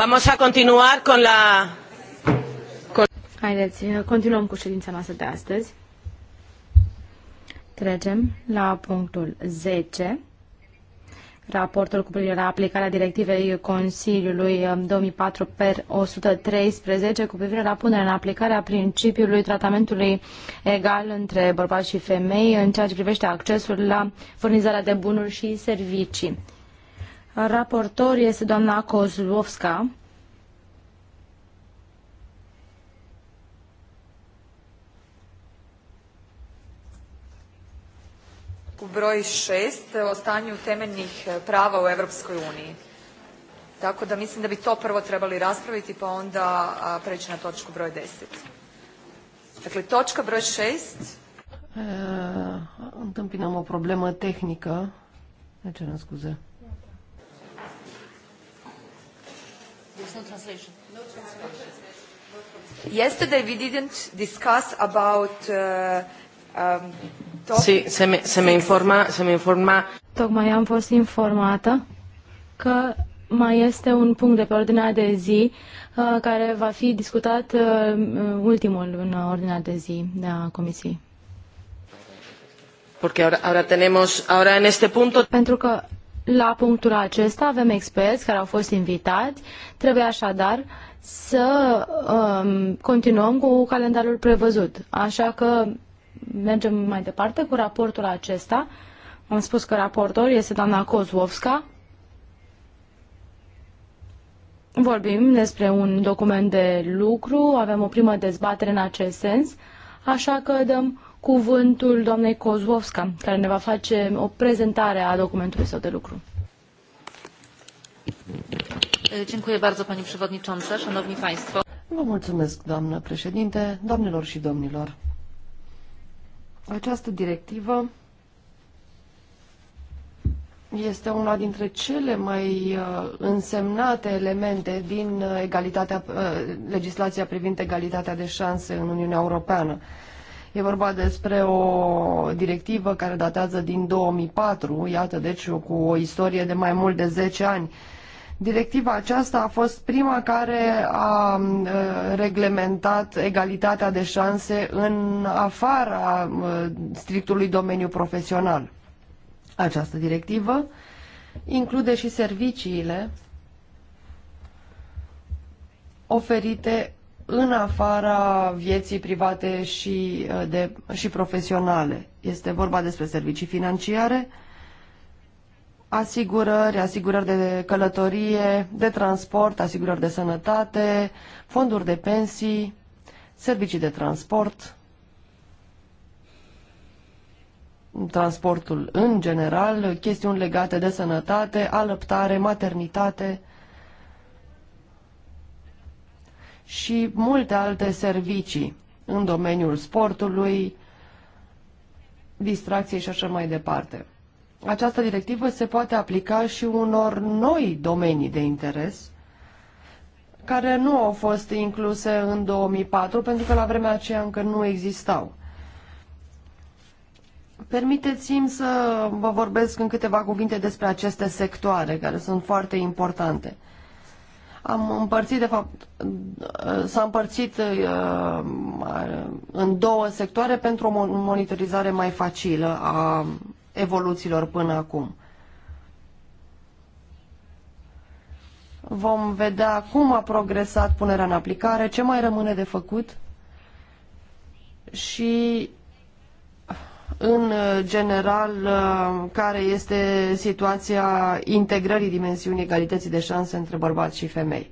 Vamos a continuar con la... Con... Haideți, continuăm cu ședința noastră de astăzi. Trecem la punctul 10, raportul cu privire la aplicarea directivei Consiliului 2004 um, per 113 cu privire la punerea în aplicare a principiului tratamentului egal între bărbați și femei în ceea ce privește accesul la furnizarea de bunuri și servicii. Raportor este doamna Kozlovska. u broj 6 o stanju temeljnih prava u Europskoj uniji. Tako da mislim da bi to prvo trebali raspraviti pa onda preći na točku broj 10. Dakle, točka broj 6. Întâmpinăm o problemă tehnică. Ne cerem scuze. no translation. No translation. Yesterday we didn't discuss about uh, um, Sí, se me, se me informa, se me informa. Tocmai am fost informată că mai este un punct de pe ordinea de zi uh, care va fi discutat uh, ultimul în ordinea de zi de a comisiei. Porque ahora, ahora tenemos, ahora en este punto... Pentru că la punctul acesta avem experți care au fost invitați. Trebuie așadar să um, continuăm cu calendarul prevăzut. Așa că mergem mai departe cu raportul acesta. Am spus că raportor este doamna Kozlovska. Vorbim despre un document de lucru, avem o primă dezbatere în acest sens, așa că dăm cuvântul doamnei Kozłowska, care ne va face o prezentare a documentului său de lucru. Dziękuję bardzo Pani Przewodnicząca, Szanowni Państwo. Vă mulțumesc, doamnă președinte, doamnelor și domnilor. Această directivă este una dintre cele mai uh, însemnate elemente din uh, egalitatea, uh, legislația privind egalitatea de șanse în Uniunea Europeană. E vorba despre o directivă care datează din 2004, iată deci cu o istorie de mai mult de 10 ani. Directiva aceasta a fost prima care a reglementat egalitatea de șanse în afara strictului domeniu profesional. Această directivă include și serviciile oferite în afara vieții private și, uh, de, și profesionale. Este vorba despre servicii financiare, asigurări, asigurări de călătorie, de transport, asigurări de sănătate, fonduri de pensii, servicii de transport, transportul în general, chestiuni legate de sănătate, alăptare, maternitate, și multe alte servicii în domeniul sportului, distracției și așa mai departe. Această directivă se poate aplica și unor noi domenii de interes care nu au fost incluse în 2004 pentru că la vremea aceea încă nu existau. Permiteți-mi să vă vorbesc în câteva cuvinte despre aceste sectoare care sunt foarte importante. Am împărțit, de fapt, s-a împărțit uh, în două sectoare pentru o monitorizare mai facilă a evoluțiilor până acum. Vom vedea cum a progresat punerea în aplicare, ce mai rămâne de făcut și în general uh, care este situația integrării dimensiunii egalității de șanse între bărbați și femei.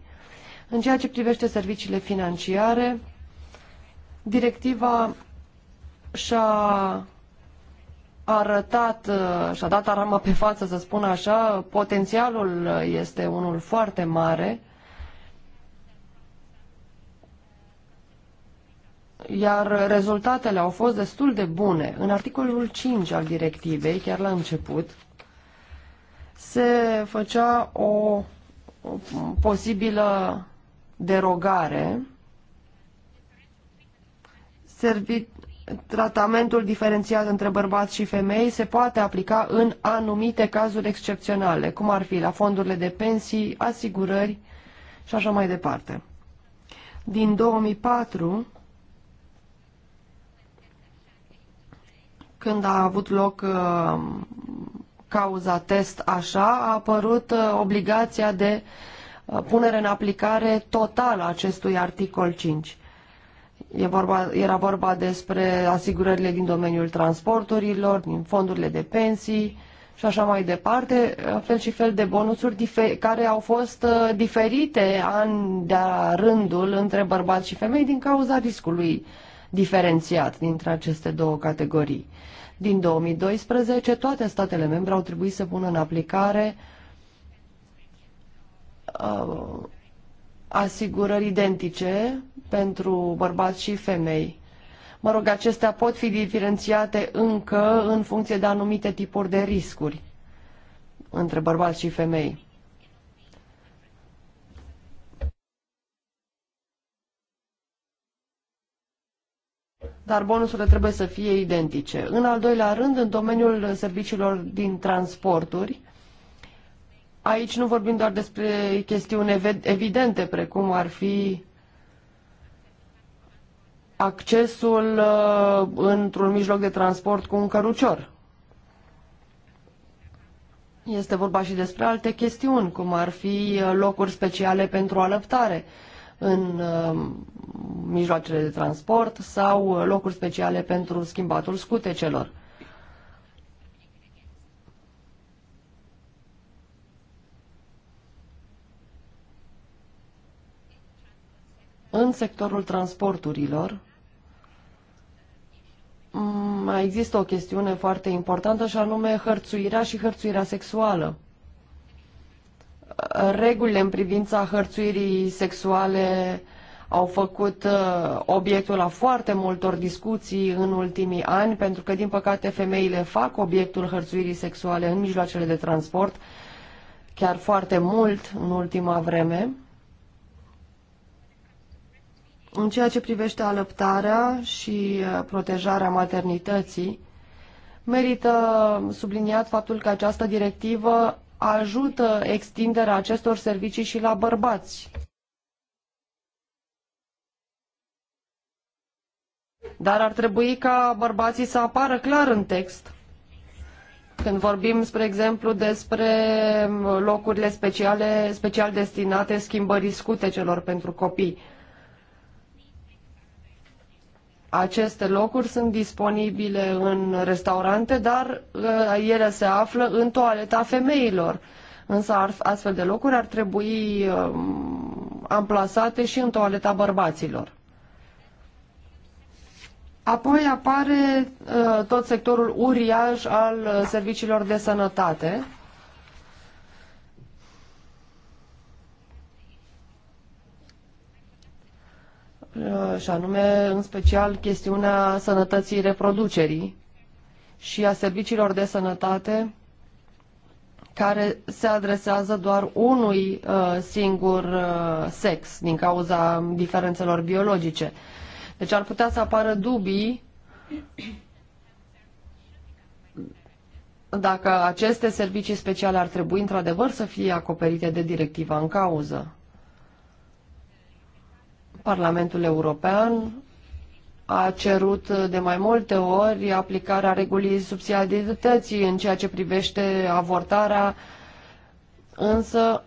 În ceea ce privește serviciile financiare, directiva și-a arătat, uh, și-a dat arama pe față, să spun așa, potențialul este unul foarte mare iar rezultatele au fost destul de bune. În articolul 5 al directivei, chiar la început, se făcea o, o posibilă derogare servit, tratamentul diferențiat între bărbați și femei se poate aplica în anumite cazuri excepționale, cum ar fi la fondurile de pensii, asigurări și așa mai departe. Din 2004, când a avut loc uh, cauza test așa, a apărut uh, obligația de uh, punere în aplicare totală a acestui articol 5. E vorba, era vorba despre asigurările din domeniul transporturilor, din fondurile de pensii și așa mai departe, fel și fel de bonusuri care au fost diferite an de rândul între bărbați și femei din cauza riscului diferențiat dintre aceste două categorii. Din 2012, toate statele membre au trebuit să pună în aplicare uh, asigurări identice pentru bărbați și femei. Mă rog, acestea pot fi diferențiate încă în funcție de anumite tipuri de riscuri între bărbați și femei. dar bonusurile trebuie să fie identice. În al doilea rând, în domeniul serviciilor din transporturi, aici nu vorbim doar despre chestiuni evidente, precum ar fi accesul uh, într-un mijloc de transport cu un cărucior. Este vorba și despre alte chestiuni, cum ar fi uh, locuri speciale pentru alăptare, în uh, mijloacele de transport sau locuri speciale pentru schimbatul scutecelor. În sectorul transporturilor mm, mai există o chestiune foarte importantă și anume hărțuirea și hărțuirea sexuală regulile în privința hărțuirii sexuale au făcut uh, obiectul a foarte multor discuții în ultimii ani, pentru că, din păcate, femeile fac obiectul hărțuirii sexuale în mijloacele de transport, chiar foarte mult în ultima vreme. În ceea ce privește alăptarea și uh, protejarea maternității, merită subliniat faptul că această directivă ajută extinderea acestor servicii și la bărbați. Dar ar trebui ca bărbații să apară clar în text. Când vorbim, spre exemplu, despre locurile speciale, special destinate schimbării scutecelor pentru copii. Aceste locuri sunt disponibile în restaurante, dar uh, ele se află în toaleta femeilor. Însă astfel de locuri ar trebui um, amplasate și în toaleta bărbaților. Apoi apare uh, tot sectorul uriaș al uh, serviciilor de sănătate, Uh, și anume în special chestiunea sănătății reproducerii și a serviciilor de sănătate care se adresează doar unui uh, singur uh, sex din cauza diferențelor biologice. Deci ar putea să apară dubii dacă aceste servicii speciale ar trebui într-adevăr să fie acoperite de directiva în cauză. Parlamentul European a cerut de mai multe ori aplicarea regulii subsidiarității în ceea ce privește avortarea, însă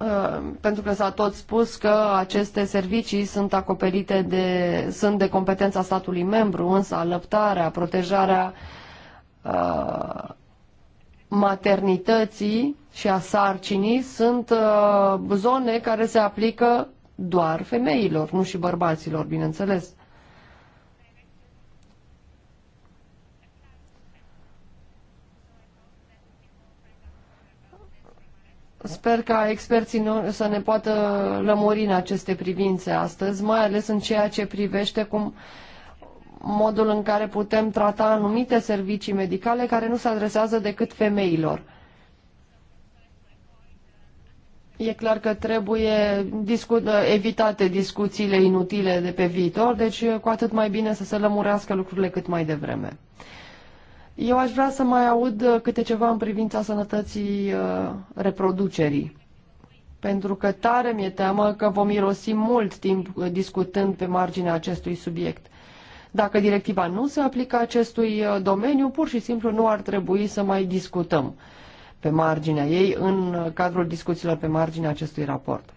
ă, pentru că s-a tot spus că aceste servicii sunt acoperite de, sunt de competența statului membru, însă alăptarea, protejarea uh, maternității și a sarcinii sunt uh, zone care se aplică doar femeilor, nu și bărbaților, bineînțeles. Sper ca experții să ne poată lămuri în aceste privințe astăzi, mai ales în ceea ce privește cum modul în care putem trata anumite servicii medicale care nu se adresează decât femeilor. E clar că trebuie discu evitate discuțiile inutile de pe viitor, deci cu atât mai bine să se lămurească lucrurile cât mai devreme. Eu aș vrea să mai aud câte ceva în privința sănătății uh, reproducerii, pentru că tare mi-e teamă că vom irosi mult timp uh, discutând pe marginea acestui subiect. Dacă directiva nu se aplică acestui uh, domeniu, pur și simplu nu ar trebui să mai discutăm pe marginea ei în cadrul discuțiilor pe marginea acestui raport.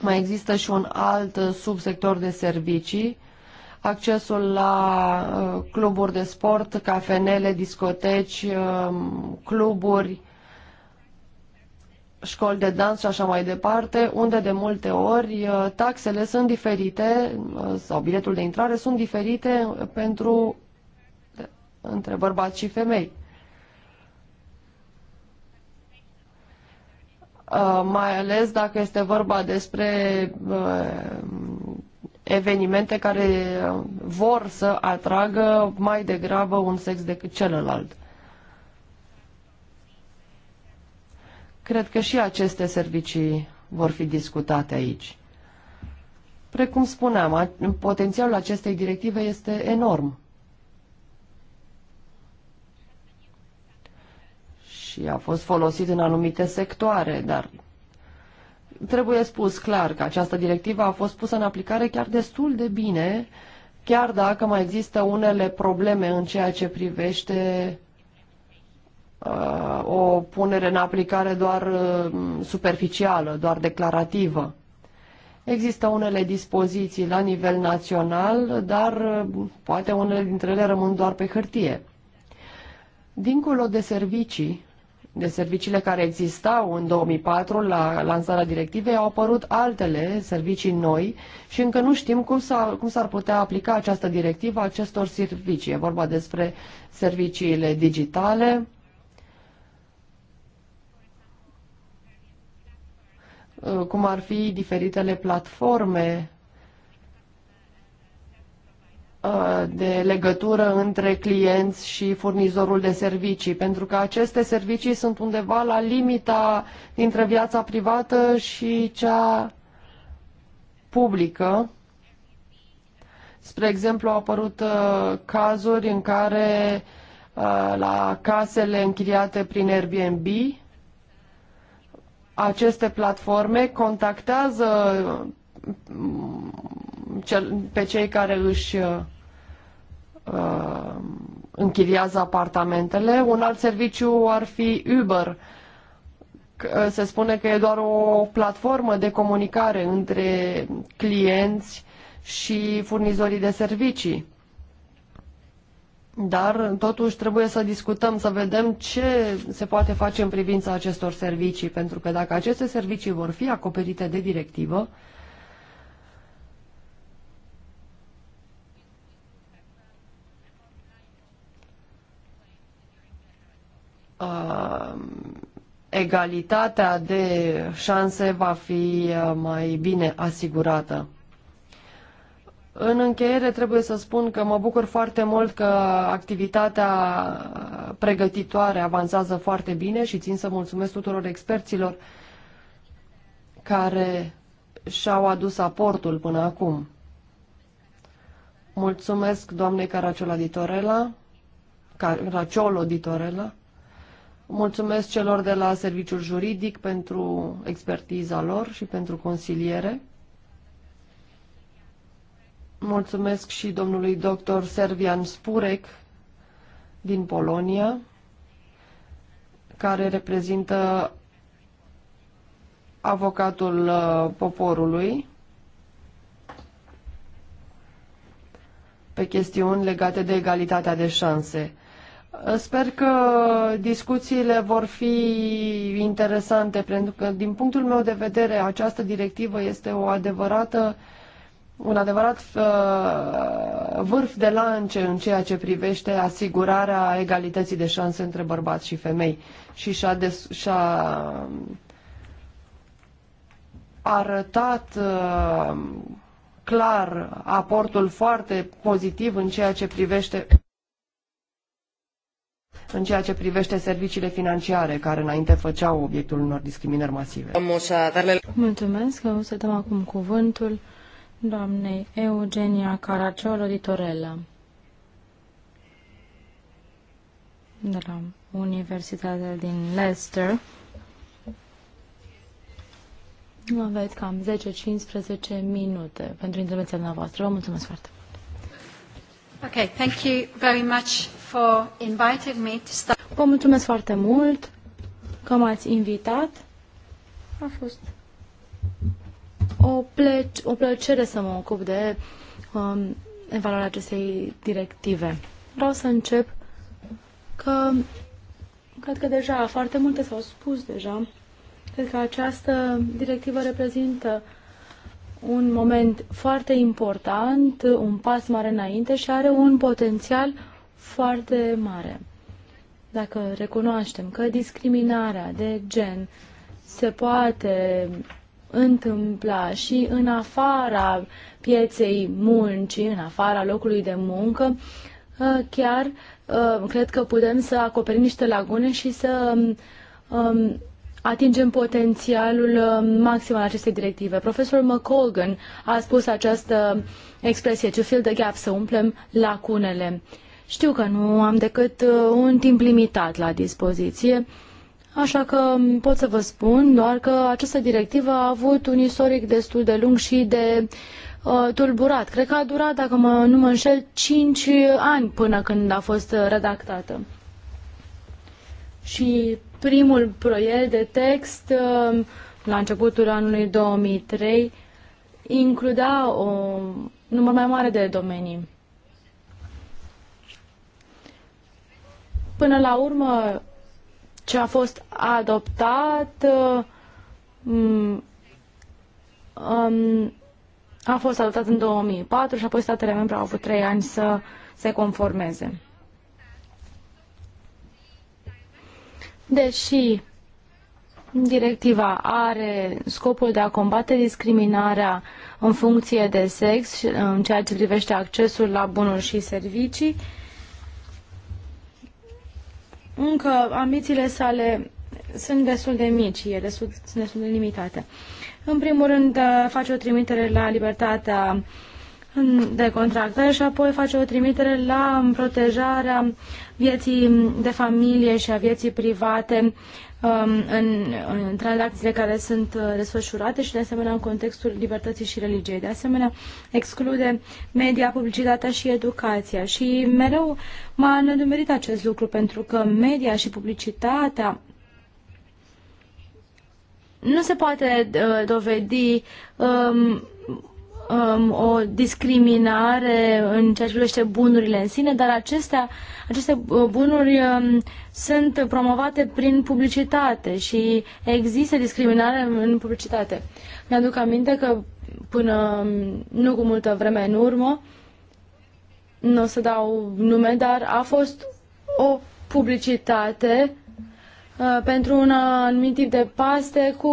Mai există și un alt subsector de servicii, accesul la uh, cluburi de sport, cafenele, discoteci, um, cluburi, școli de dans și așa mai departe, unde de multe ori uh, taxele sunt diferite uh, sau biletul de intrare sunt diferite pentru între bărbați și femei. Uh, mai ales dacă este vorba despre uh, evenimente care vor să atragă mai degrabă un sex decât celălalt. Cred că și aceste servicii vor fi discutate aici. Precum spuneam, potențialul acestei directive este enorm. și a fost folosit în anumite sectoare, dar trebuie spus clar că această directivă a fost pusă în aplicare chiar destul de bine, chiar dacă mai există unele probleme în ceea ce privește uh, o punere în aplicare doar uh, superficială, doar declarativă. Există unele dispoziții la nivel național, dar uh, poate unele dintre ele rămân doar pe hârtie. Dincolo de servicii, de serviciile care existau în 2004 la lansarea directivei, au apărut altele, servicii noi, și încă nu știm cum s-ar, cum ar putea aplica această directivă acestor servicii. E vorba despre serviciile digitale, cum ar fi diferitele platforme Uh, de legătură între clienți și furnizorul de servicii, pentru că aceste servicii sunt undeva la limita dintre viața privată și cea publică. Spre exemplu, au apărut uh, cazuri în care uh, la casele închiriate prin Airbnb, aceste platforme contactează mm, pe cei care își uh, închiriază apartamentele. Un alt serviciu ar fi Uber. Uh, se spune că e doar o platformă de comunicare între clienți și furnizorii de servicii. Dar totuși trebuie să discutăm, să vedem ce se poate face în privința acestor servicii, pentru că dacă aceste servicii vor fi acoperite de directivă, uh, uh, egalitatea de șanse va fi uh, mai bine asigurată. În încheiere trebuie să spun că mă bucur foarte mult că activitatea pregătitoare avansează foarte bine și țin să mulțumesc tuturor experților care și-au adus aportul până acum. Mulțumesc doamnei Caraciola Ditorela, Caracciolo Ditorela, Mulțumesc celor de la Serviciul Juridic pentru expertiza lor și pentru consiliere. Mulțumesc și domnului dr. Servian Spurek din Polonia, care reprezintă avocatul uh, poporului pe chestiuni legate de egalitatea de șanse. Sper că discuțiile vor fi interesante, pentru că, din punctul meu de vedere, această directivă este o adevărată, un adevărat uh, vârf de lance în ceea ce privește asigurarea egalității de șanse între bărbați și femei și și-a, des, și-a arătat uh, clar aportul foarte pozitiv în ceea ce privește în ceea ce privește serviciile financiare, care înainte făceau obiectul unor discriminări masive. Mulțumesc, o să dăm acum cuvântul doamnei Eugenia Caracciolo di Torella de la Universitatea din Leicester. Aveți cam 10-15 minute pentru intervenția noastră. Vă mulțumesc foarte mult. Okay, thank you very much for inviting me to start. Vă mulțumesc foarte mult că m-ați invitat. A fost o, plec, o plăcere să mă ocup de um, evaluarea acestei directive. Vreau să încep că cred că deja foarte multe s-au spus deja. Cred că această directivă reprezintă un moment foarte important, un pas mare înainte și are un potențial foarte mare. Dacă recunoaștem că discriminarea de gen se poate întâmpla și în afara pieței muncii, în afara locului de muncă, ă, chiar ă, cred că putem să acoperim niște lagune și să ă, atingem potențialul maxim al acestei directive. Profesorul McColgan a spus această expresie, ce fel de gap, să umplem lacunele. Știu că nu am decât uh, un timp limitat la dispoziție, așa că pot să vă spun doar că această directivă a avut un istoric destul de lung și de uh, tulburat. Cred că a durat, dacă mă, nu mă înșel, 5 ani până când a fost redactată. Și primul proiect de text, uh, la începutul anului 2003, includea o număr mai mare de domenii. Până la urmă, ce a fost adoptat um, a fost adoptat în 2004 și apoi statele membre au avut trei ani să se conformeze. Deși directiva are scopul de a combate discriminarea în funcție de sex în ceea ce privește accesul la bunuri și servicii, încă ambițiile sale sunt destul de mici, ele sunt destul de limitate. În primul rând, uh, face o trimitere la libertatea de contractare și apoi face o trimitere la protejarea vieții de familie și a vieții private Um, în, în tranzacțiile care sunt uh, desfășurate și, de asemenea, în contextul libertății și religiei. De asemenea, exclude media, publicitatea și educația. Și mereu m-a nedumerit acest lucru, pentru că media și publicitatea nu se poate uh, dovedi um, um, o discriminare în ceea ce privește bunurile în sine, dar acestea, aceste uh, bunuri um, sunt promovate prin publicitate și există discriminare în publicitate. Mi-aduc aminte că până um, nu cu multă vreme în urmă, nu o să dau nume, dar a fost o publicitate uh, Uh, pentru un anumit tip de paste cu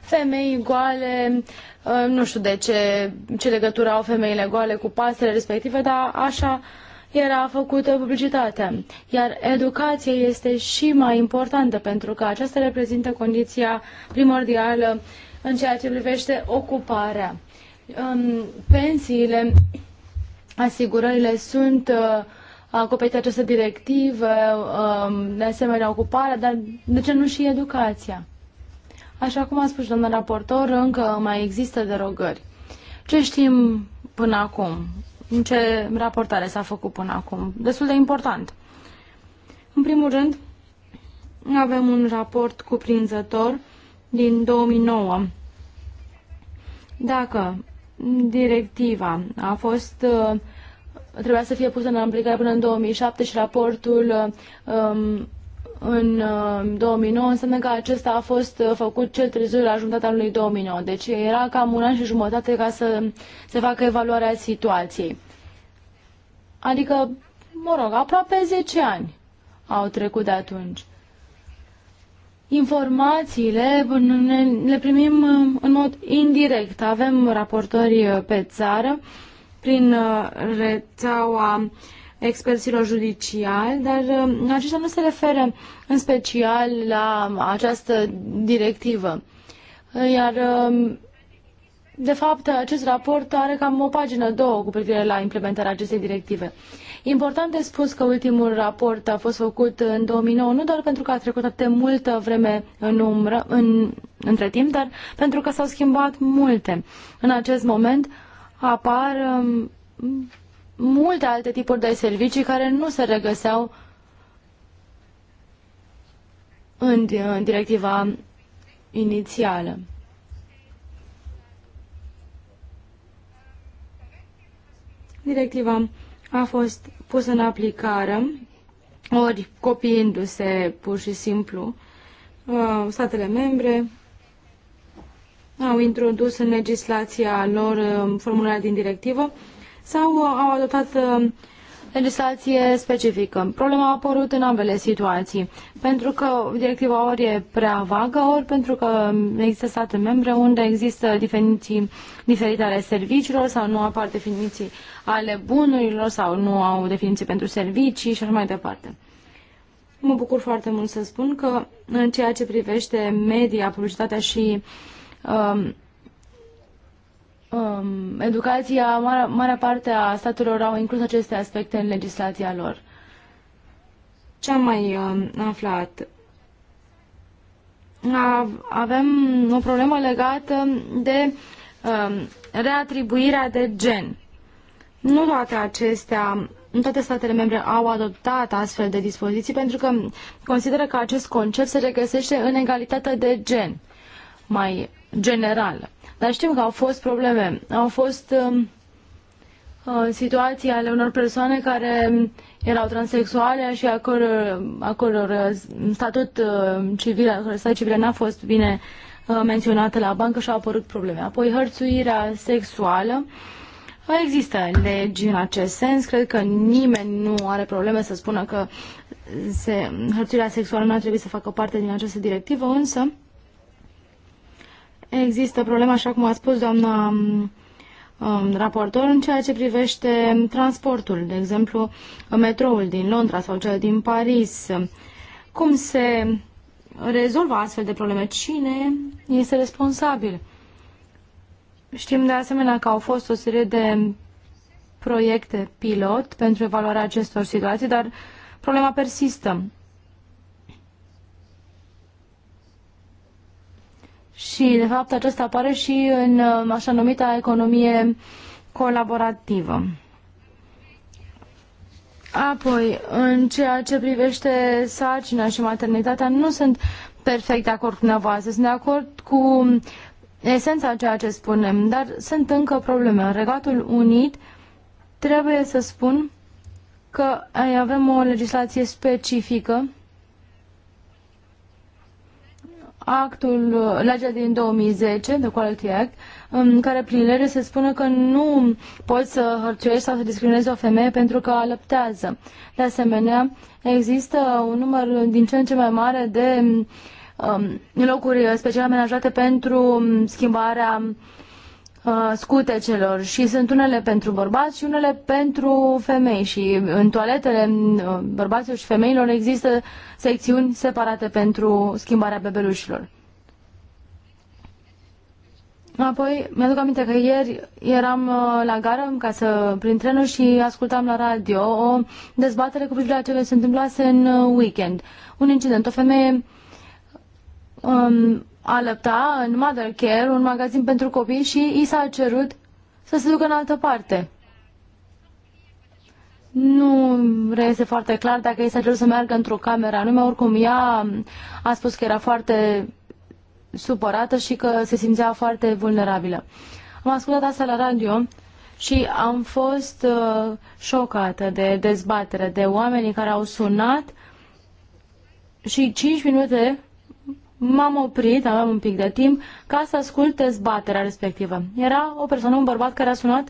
femei goale. Uh, nu știu de ce, ce legătură au femeile goale cu pastele respective, dar așa era făcută publicitatea. Iar educația este și mai importantă pentru că aceasta reprezintă condiția primordială în ceea ce privește ocuparea. Um, pensiile, asigurările sunt uh, acoperit această directivă, um, de asemenea ocuparea, dar de ce nu și educația? Așa cum a spus domnul raportor, încă mai există derogări. Ce știm până acum? Ce raportare s-a făcut până acum? Destul de important. În primul rând, avem un raport cuprinzător din 2009. Dacă directiva a fost uh, trebuia să fie pusă în aplicare până în 2007 și raportul um, în 2009, um, înseamnă că acesta a fost uh, făcut cel târziu la jumătatea lui 2009. Deci era cam un an și jumătate ca să se facă evaluarea situației. Adică, mă rog, aproape 10 ani au trecut de atunci. Informațiile le primim uh, în mod indirect. Avem raportori uh, pe țară prin uh, rețeaua experților judiciali, dar uh, aceștia nu se referă în special la această directivă. Iar, um, de fapt, acest raport are cam o pagină, două, cu privire la implementarea acestei directive. Important de spus că ultimul raport a fost făcut în 2009, nu doar pentru că a trecut atât de multă vreme în umbră, în, între timp, dar pentru că s-au schimbat multe. În acest moment, apar um, multe alte tipuri de servicii care nu se regăseau în, în directiva inițială. Directiva a fost pusă în aplicare, ori copiindu-se pur și simplu uh, statele membre au introdus în legislația lor formularea din directivă sau au adoptat um, legislație specifică. Problema a apărut în ambele situații, pentru că directiva ori e prea vagă, ori pentru că um, există state membre unde există definiții diferite ale serviciilor sau nu apar definiții ale bunurilor sau nu au definiții pentru servicii și așa mai departe. Mă bucur foarte mult să spun că în ceea ce privește media, publicitatea și uh, um, um, educația, mare, marea parte a statelor au inclus aceste aspecte în legislația lor. Ce am mai um, aflat? avem o problemă legată de um, reatribuirea de gen. Nu toate acestea, nu toate statele membre au adoptat astfel de dispoziții pentru că consideră că acest concept se regăsește în egalitatea de gen. Mai generală. Dar știm că au fost probleme. Au fost um, uh, situații ale unor persoane care erau transexuale și acolo, acolo uh, statut uh, civil, stat civil n-a fost bine uh, menționată la bancă și au apărut probleme. Apoi hărțuirea sexuală. Există legi în acest sens. Cred că nimeni nu are probleme să spună că se, hărțuirea sexuală nu ar trebui să facă parte din această directivă, însă Există problema așa cum a spus doamna um, um, raportor, în ceea ce privește transportul, de exemplu, metroul din Londra sau cel din Paris. Cum se rezolvă astfel de probleme? Cine este responsabil? Știm de asemenea că au fost o serie de proiecte pilot pentru evaluarea acestor situații, dar problema persistă. Și, de fapt, acesta apare și în uh, așa numita economie colaborativă. Apoi, în ceea ce privește sarcina și maternitatea, nu sunt perfect de acord cu dumneavoastră. Sunt de acord cu esența a ceea ce spunem, dar sunt încă probleme. În Regatul Unit trebuie să spun că avem o legislație specifică actul, uh, legea din 2010, de Quality Act, în um, care prin lege se spune că nu poți să hărțuiești sau să discriminezi o femeie pentru că alăptează. De asemenea, există un număr din ce în ce mai mare de um, locuri special amenajate pentru schimbarea Uh, scutecelor și sunt unele pentru bărbați și unele pentru femei și în toaletele uh, bărbaților și femeilor există secțiuni separate pentru schimbarea bebelușilor. Apoi, mi-aduc aminte că ieri eram uh, la gară ca să prin trenul și ascultam la radio o dezbatere cu privire la ce se întâmplase în weekend. Un incident, o femeie um, alăpta în Mother Care, un magazin pentru copii și i s-a cerut să se ducă în altă parte. Nu reiese foarte clar dacă i s-a cerut să meargă într-o cameră anume, oricum ea a spus că era foarte supărată și că se simțea foarte vulnerabilă. Am ascultat asta la radio și am fost uh, șocată de dezbatere, de oamenii care au sunat și 5 minute m-am oprit, aveam un pic de timp, ca să ascult dezbaterea respectivă. Era o persoană, un bărbat care a sunat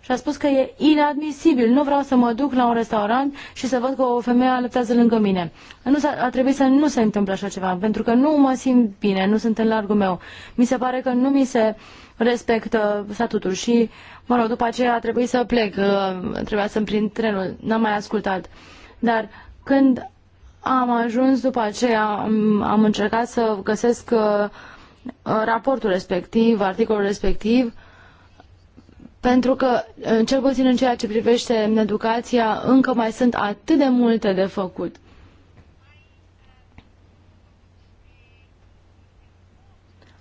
și a spus că e inadmisibil, nu vreau să mă duc la un restaurant și să văd că o femeie alăptează lângă mine. Nu a trebuit să nu se întâmple așa ceva, pentru că nu mă simt bine, nu sunt în largul meu. Mi se pare că nu mi se respectă statutul și, mă rog, după aceea a trebuit să plec, uh, trebuia să-mi prind trenul, n-am mai ascultat. Dar când am ajuns după aceea, am, am încercat să găsesc uh, uh raportul respectiv, articolul respectiv, pentru că, în uh, cel puțin în ceea ce privește educația, încă mai sunt atât de multe de făcut.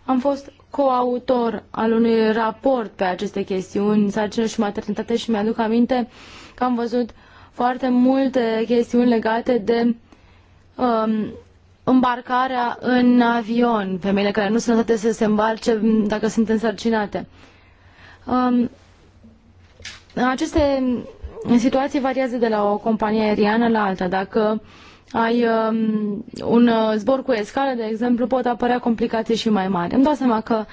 Am fost coautor al unui raport pe aceste chestiuni, sarcină și maternitate și mi-aduc aminte că am văzut foarte multe chestiuni legate de um, îmbarcarea în avion, femeile care nu sunt lăsate să se îmbarce dacă sunt însărcinate. Um, aceste situații variază de la o companie aeriană la alta. Dacă ai um, un uh, zbor cu escală, de exemplu, pot apărea complicații și mai mari. Îmi dau seama că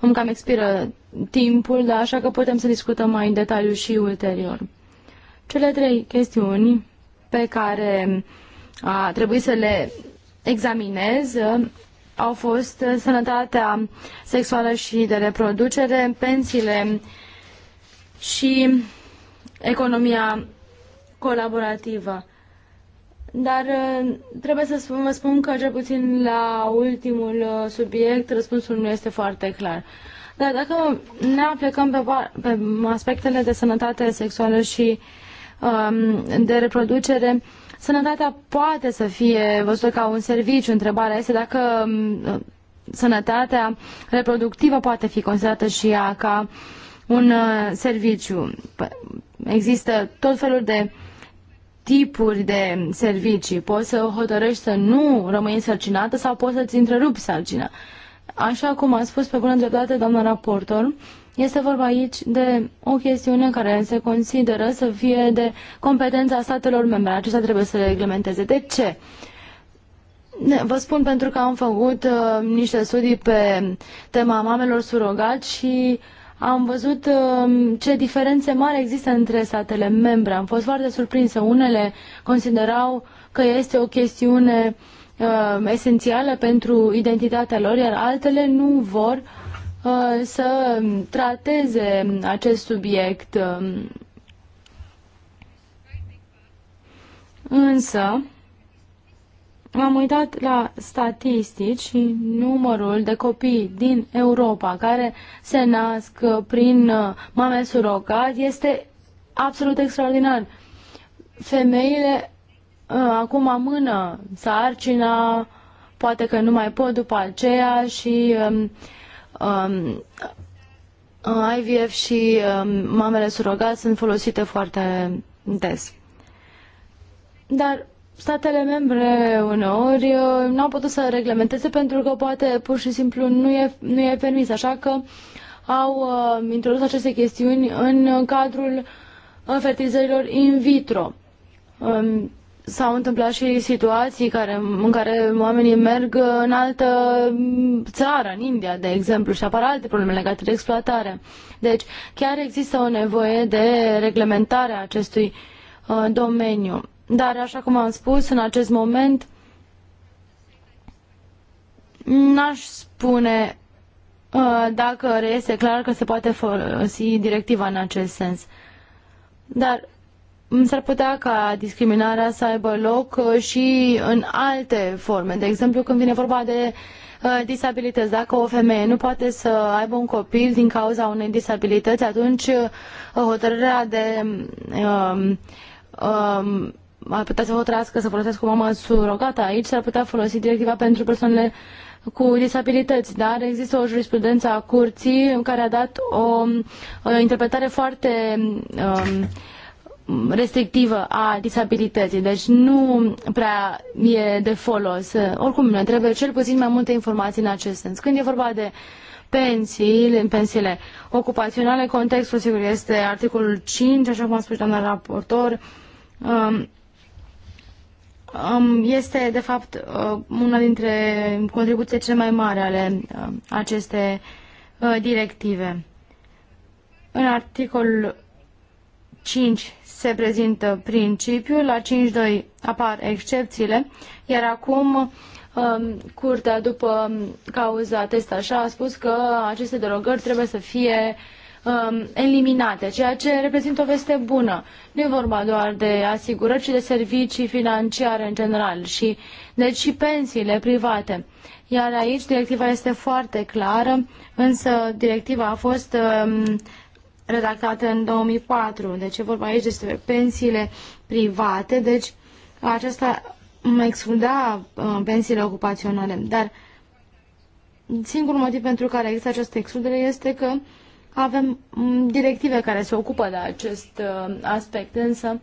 îmi cam expiră timpul, dar așa că putem să discutăm mai în detaliu și ulterior. Cele trei chestiuni pe care a trebuit să le examinez au fost uh, sănătatea sexuală și de reproducere, pensiile și economia colaborativă. Dar uh, trebuie să vă spun că, cel puțin la ultimul uh, subiect, răspunsul nu este foarte clar. Dar dacă ne aplicăm pe, pe aspectele de sănătate sexuală și um, de reproducere, uh, Sănătatea poate să fie văzută ca un serviciu. Întrebarea este dacă mm, sănătatea reproductivă poate fi considerată și ea ca un uh, serviciu. Există tot felul de tipuri de servicii. Poți să hotărăști să nu rămâi însărcinată sau poți să-ți întrerupi sarcina. Așa cum a spus pe bună dreptate doamna raportor, este vorba aici de o chestiune care se consideră să fie de competența statelor membre. acesta trebuie să reglementeze. De ce? Vă spun pentru că am făcut uh, niște studii pe tema mamelor surogat și am văzut uh, ce diferențe mari există între statele membre. Am fost foarte surprinsă. Unele considerau că este o chestiune uh, esențială pentru identitatea lor, iar altele nu vor uh, Uh, să trateze acest subiect. Însă, m-am uitat la statistici și numărul de copii din Europa care se nasc prin uh, mame surogat este absolut extraordinar. Femeile uh, acum amână sarcina, poate că nu mai pot după aceea și um, um, uh, IVF și um, mamele surogat sunt folosite foarte des. Dar statele membre uneori uh, nu au putut să reglementeze pentru că poate pur și simplu nu e, nu e permis, așa că au uh, introdus aceste chestiuni în cadrul uh, fertilizărilor in vitro. Um, s-au întâmplat și situații care, în care oamenii merg în altă țară, în India, de exemplu, și apar alte probleme legate de exploatare. Deci, chiar există o nevoie de reglementare a acestui uh, domeniu. Dar, așa cum am spus, în acest moment n-aș spune uh, dacă este clar că se poate folosi directiva în acest sens. Dar s-ar putea ca discriminarea să aibă loc uh, și în alte forme. De exemplu, când vine vorba de uh, disabilități. Dacă o femeie nu poate să aibă un copil din cauza unei disabilități, atunci uh, hotărârea de um, um, ar putea să hotărască să folosească mama mamă surogată aici, s-ar putea folosi directiva pentru persoanele cu disabilități, dar există o jurisprudență a curții care a dat o, o interpretare foarte um, restrictivă a disabilității, deci nu prea e de folos. Oricum, ne trebuie cel puțin mai multe informații în acest sens. Când e vorba de pensiile, pensiile ocupaționale, contextul sigur este articolul 5, așa cum a spus doamna raportor, um, um, este de fapt uh, una dintre contribuțiile cele mai mari ale um, aceste uh, directive. În articolul 5 se prezintă principiul, la 5.2 apar excepțiile, iar acum um, curtea, după cauza test așa, a spus că aceste derogări trebuie să fie um, eliminate, ceea ce reprezintă o veste bună. Nu e vorba doar de asigurări, ci de servicii financiare în general și deci și pensiile private. Iar aici directiva este foarte clară, însă directiva a fost um, redactate în 2004. Deci e vorba aici despre pensiile private, deci mă excluda uh, pensiile ocupaționale. Dar singurul motiv pentru care există această excludere este că avem mm, directive care se ocupă de acest uh, aspect, însă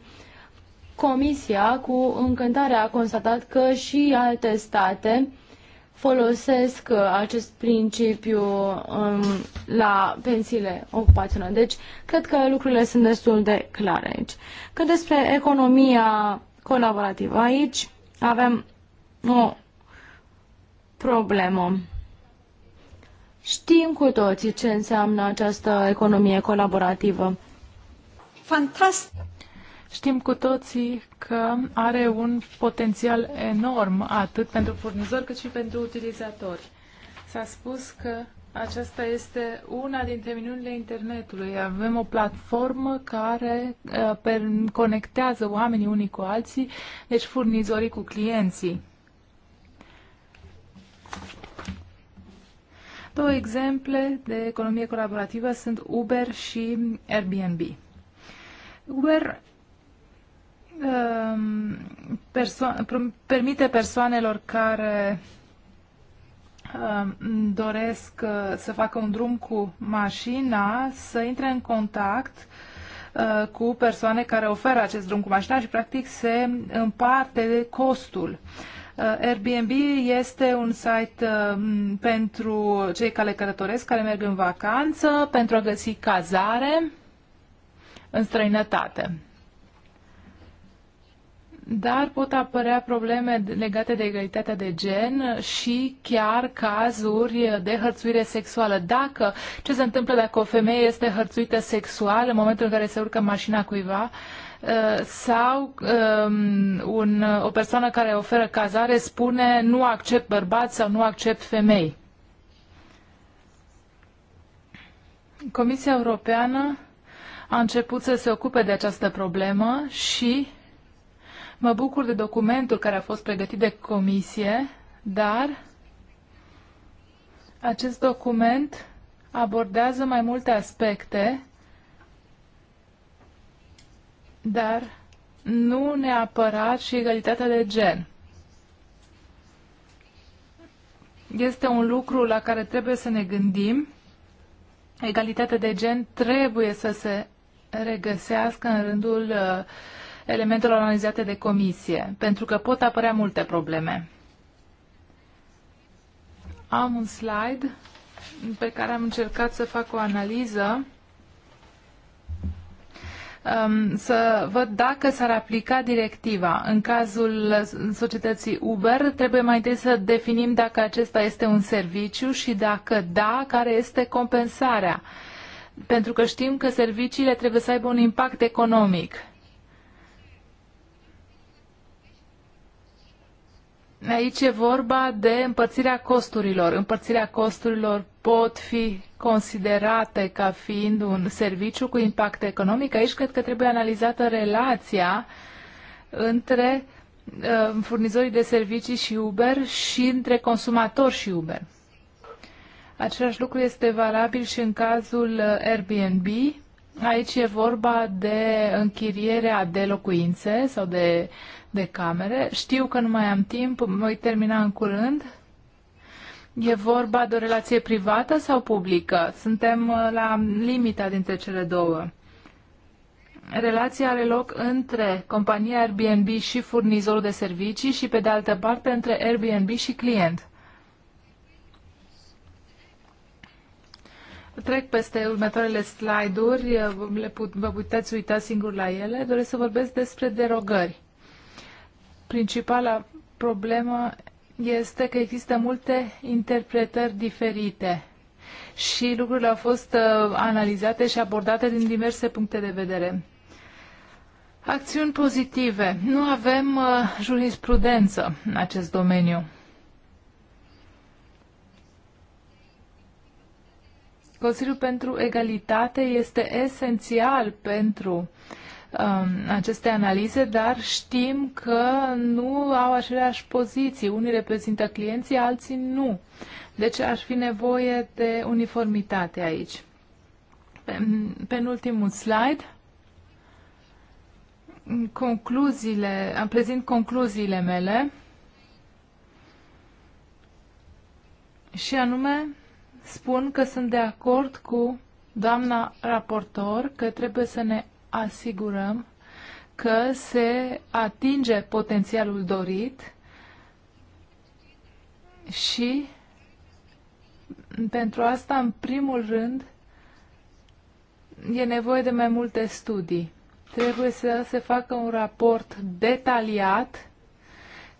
Comisia cu încântare a constatat că și alte state folosesc uh, acest principiu um, la pensiile ocupaționale. Deci, cred că lucrurile sunt destul de clare aici. Cât despre economia colaborativă, aici avem o problemă. Știm cu toții ce înseamnă această economie colaborativă. Fantastic! Știm cu toții că are un potențial enorm, atât pentru furnizori cât și pentru utilizatori. S-a spus că aceasta este una dintre minunile internetului. Avem o platformă care uh, conectează oamenii unii cu alții, deci furnizorii cu clienții. Două exemple de economie colaborativă sunt Uber și Airbnb. Uber Ehm, perso- permite persoanelor care ehm, doresc uh, să facă un drum cu mașina să intre în contact uh, cu persoane care oferă acest drum cu mașina și practic se împarte costul. Uh, Airbnb este un site ehm, pentru cei care călătoresc, care merg în vacanță, pentru a găsi cazare în străinătate dar pot apărea probleme legate de egalitatea de gen și chiar cazuri de hărțuire sexuală. Dacă, ce se întâmplă dacă o femeie este hărțuită sexual în momentul în care se urcă mașina cuiva, uh, sau um, un, uh, o persoană care oferă cazare spune nu accept bărbați sau nu accept femei. Comisia Europeană a început să se ocupe de această problemă și Mă bucur de documentul care a fost pregătit de comisie, dar acest document abordează mai multe aspecte, dar nu neapărat și egalitatea de gen. Este un lucru la care trebuie să ne gândim. Egalitatea de gen trebuie să se regăsească în rândul uh, elementelor analizate de comisie, pentru că pot apărea multe probleme. Am un slide pe care am încercat să fac o analiză um, să văd dacă s-ar aplica directiva. În cazul societății Uber, trebuie mai întâi să definim dacă acesta este un serviciu și dacă da, care este compensarea. Pentru că știm că serviciile trebuie să aibă un impact economic. Aici e vorba de împărțirea costurilor. Împărțirea costurilor pot fi considerate ca fiind un serviciu cu impact economic. Aici cred că trebuie analizată relația între uh, furnizorii de servicii și Uber și între consumator și Uber. Același lucru este valabil și în cazul uh, Airbnb. Aici e vorba de închirierea de locuințe sau de uh, de camere. Știu că nu mai am timp, voi termina în curând. E vorba de o relație privată sau publică? Suntem uh, la limita dintre cele două. Relația are loc între compania Airbnb și furnizorul de servicii și, pe de altă parte, între Airbnb și client. Trec peste următoarele slide-uri, uh, le put, vă puteți uita singur la ele. Doresc să vorbesc despre derogări. Principala problemă este că există multe interpretări diferite și lucrurile au fost uh, analizate și abordate din diverse puncte de vedere. Acțiuni pozitive. Nu avem uh, jurisprudență în acest domeniu. Consiliul pentru Egalitate este esențial pentru Um, aceste analize, dar știm că nu au aceleași poziții. Unii reprezintă clienții, alții nu. Deci ar fi nevoie de uniformitate aici. Penultimul slide. Concluziile, am prezint concluziile mele și anume spun că sunt de acord cu doamna raportor că trebuie să ne asigurăm că se atinge potențialul dorit și pentru asta, în primul rând, e nevoie de mai multe studii. Trebuie să se facă un raport detaliat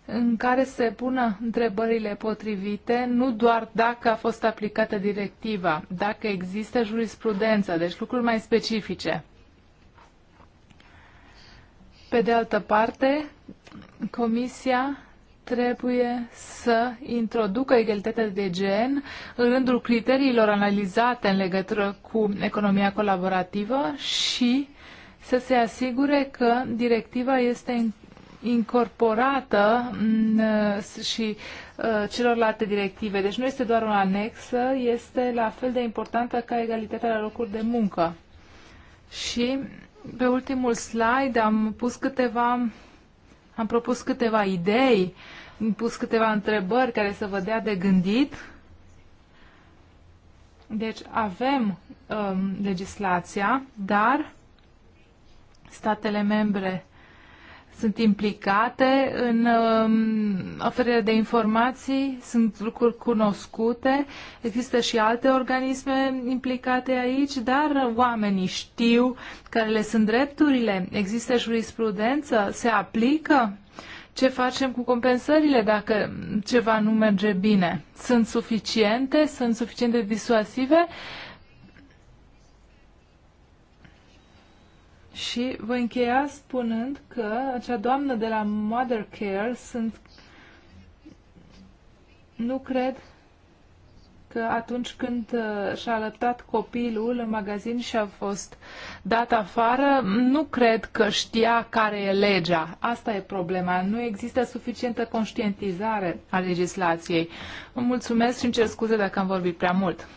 în care se pună întrebările potrivite, nu doar dacă a fost aplicată directiva, dacă există jurisprudență, deci lucruri mai specifice. Pe de altă parte, Comisia trebuie să introducă egalitatea de gen în rândul criteriilor analizate în legătură cu economia colaborativă și să se asigure că directiva este incorporată uh, și uh, celorlalte directive. Deci nu este doar o anexă, este la fel de importantă ca egalitatea la locuri de muncă. Și pe ultimul slide am pus câteva, am propus câteva idei, am pus câteva întrebări care să vă dea de gândit. Deci avem um, legislația, dar statele membre sunt implicate în um, oferirea de informații, sunt lucruri cunoscute, există și alte organisme implicate aici, dar oamenii știu care le sunt drepturile, există jurisprudență, se aplică ce facem cu compensările dacă ceva nu merge bine? Sunt suficiente? Sunt suficient de disuasive? Și voi încheia spunând că acea doamnă de la Mother Care sunt... Nu cred că atunci când uh, și-a alăptat copilul în magazin și a fost dat afară, nu cred că știa care e legea. Asta e problema. Nu există suficientă conștientizare a legislației. Vă mulțumesc și îmi cer scuze dacă am vorbit prea mult.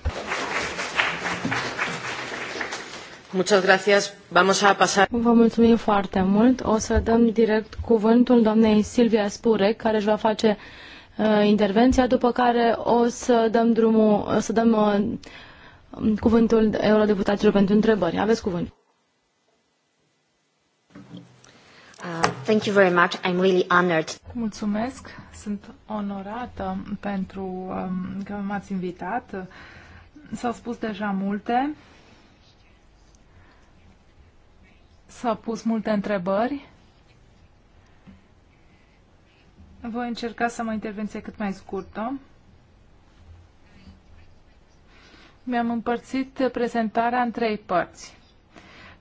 Muchas gracias. Vamos a pasar... Vă mulțumim foarte mult. O să dăm direct cuvântul doamnei Silvia Spurec, care își va face uh, intervenția, după care o să dăm drumul, o să dăm uh, cuvântul eurodeputaților pentru întrebări. Aveți cuvânt. Uh, thank you very much. I'm really honored. Mulțumesc. Sunt onorată pentru um, că m-ați invitat. S-au spus deja multe s a pus multe întrebări. Voi încerca să mă intervenție cât mai scurtă. Mi-am împărțit prezentarea în trei părți.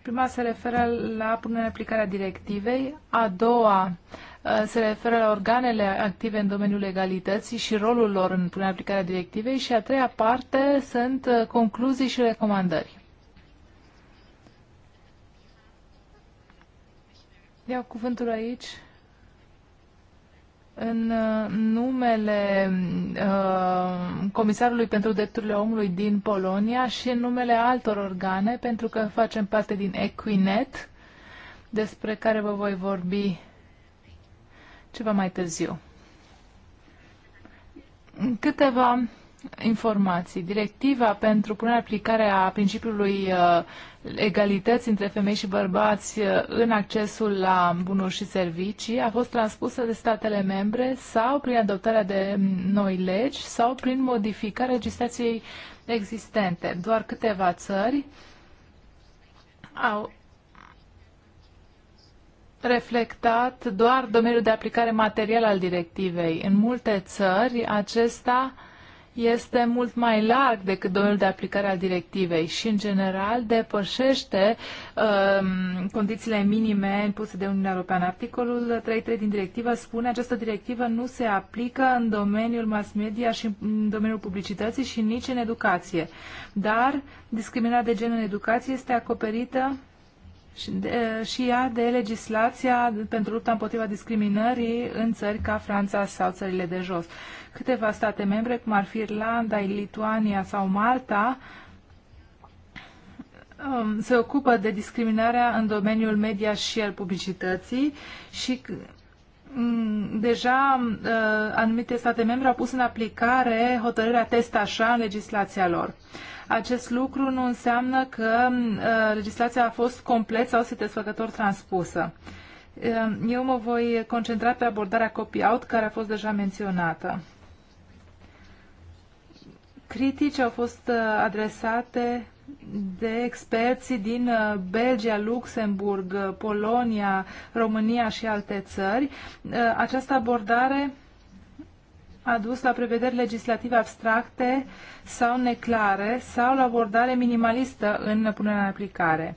Prima se referă la punerea aplicarea aplicare a directivei, a doua uh, se referă la organele active în domeniul legalității și rolul lor în punerea aplicarea aplicare a directivei și a treia parte sunt uh, concluzii și recomandări. Iau cuvântul aici în uh, numele uh, Comisarului pentru Drepturile Omului din Polonia și în numele altor organe, pentru că facem parte din Equinet, despre care vă voi vorbi ceva mai târziu. Câteva informații. Directiva pentru punerea aplicare a principiului uh, egalității între femei și bărbați uh, în accesul la bunuri și servicii a fost transpusă de statele membre sau prin adoptarea de noi legi sau prin modificarea legislației existente. Doar câteva țări au reflectat doar domeniul de aplicare material al directivei. În multe țări acesta uh, este mult mai larg decât domeniul de aplicare al directivei și, în general, depășește um, condițiile minime impuse de Uniunea Europeană. Articolul 33 din directivă spune că această directivă nu se aplică în domeniul mass media și în domeniul publicității și nici în educație. Dar discriminarea de gen în educație este acoperită și, de, și ea de legislația pentru lupta împotriva discriminării în țări ca Franța sau țările de jos. Câteva state membre, cum ar fi Irlanda, Lituania sau Malta, um, se ocupă de discriminarea în domeniul media și al publicității și mm, deja uh, anumite state membre au pus în aplicare hotărârea test așa în legislația lor. Acest lucru nu înseamnă că uh, legislația a fost complet sau desfăcător transpusă. Uh, eu mă voi concentra pe abordarea copy-out care a fost deja menționată. Critici au fost uh, adresate de experții din uh, Belgia, Luxemburg, uh, Polonia, România și alte țări. Această abordare a dus la prevederi legislative abstracte sau neclare sau la abordare minimalistă în punerea în aplicare.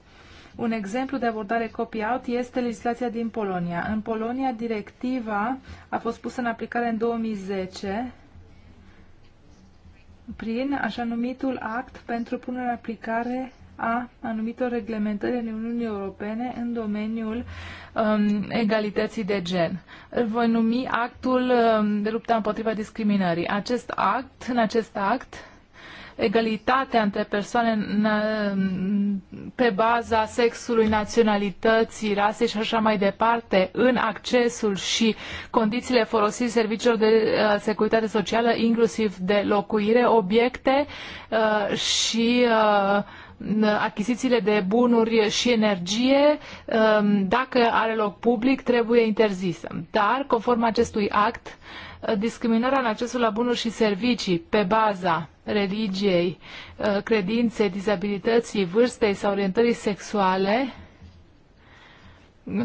Un exemplu de abordare copy-out este legislația din Polonia. În Polonia, directiva a fost pusă în aplicare în 2010 prin așa numitul act pentru punerea în aplicare a anumitor reglementări ale Uniunii Europene în domeniul um, egalității de gen. Îl voi numi actul um, de luptă împotriva discriminării. Acest act, în acest act, egalitatea între persoane pe baza sexului, naționalității, rasei și așa mai departe, în accesul și condițiile folosirii serviciilor de uh, securitate socială, inclusiv de locuire, obiecte uh, și uh, achizițiile de bunuri și energie, um, dacă are loc public, trebuie interzisă. Dar, conform acestui act, discriminarea în accesul la bunuri și servicii pe baza religiei, uh, credinței, dizabilității, vârstei sau orientării sexuale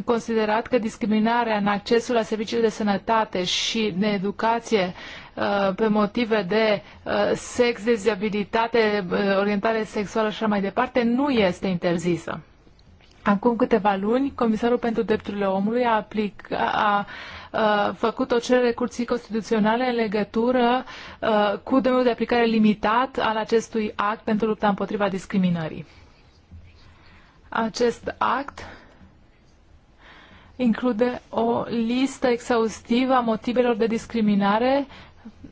considerat că discriminarea în accesul la serviciile de sănătate și de educație uh, pe motive de uh, sex, dezabilitate, uh, orientare sexuală și așa mai departe, nu este interzisă. Acum câteva luni, Comisarul pentru Drepturile Omului a, aplic, a, a făcut o cerere curții constituționale în legătură a, cu domeniul de aplicare limitat al acestui act pentru lupta împotriva discriminării. Acest act include o listă exhaustivă a motivelor de discriminare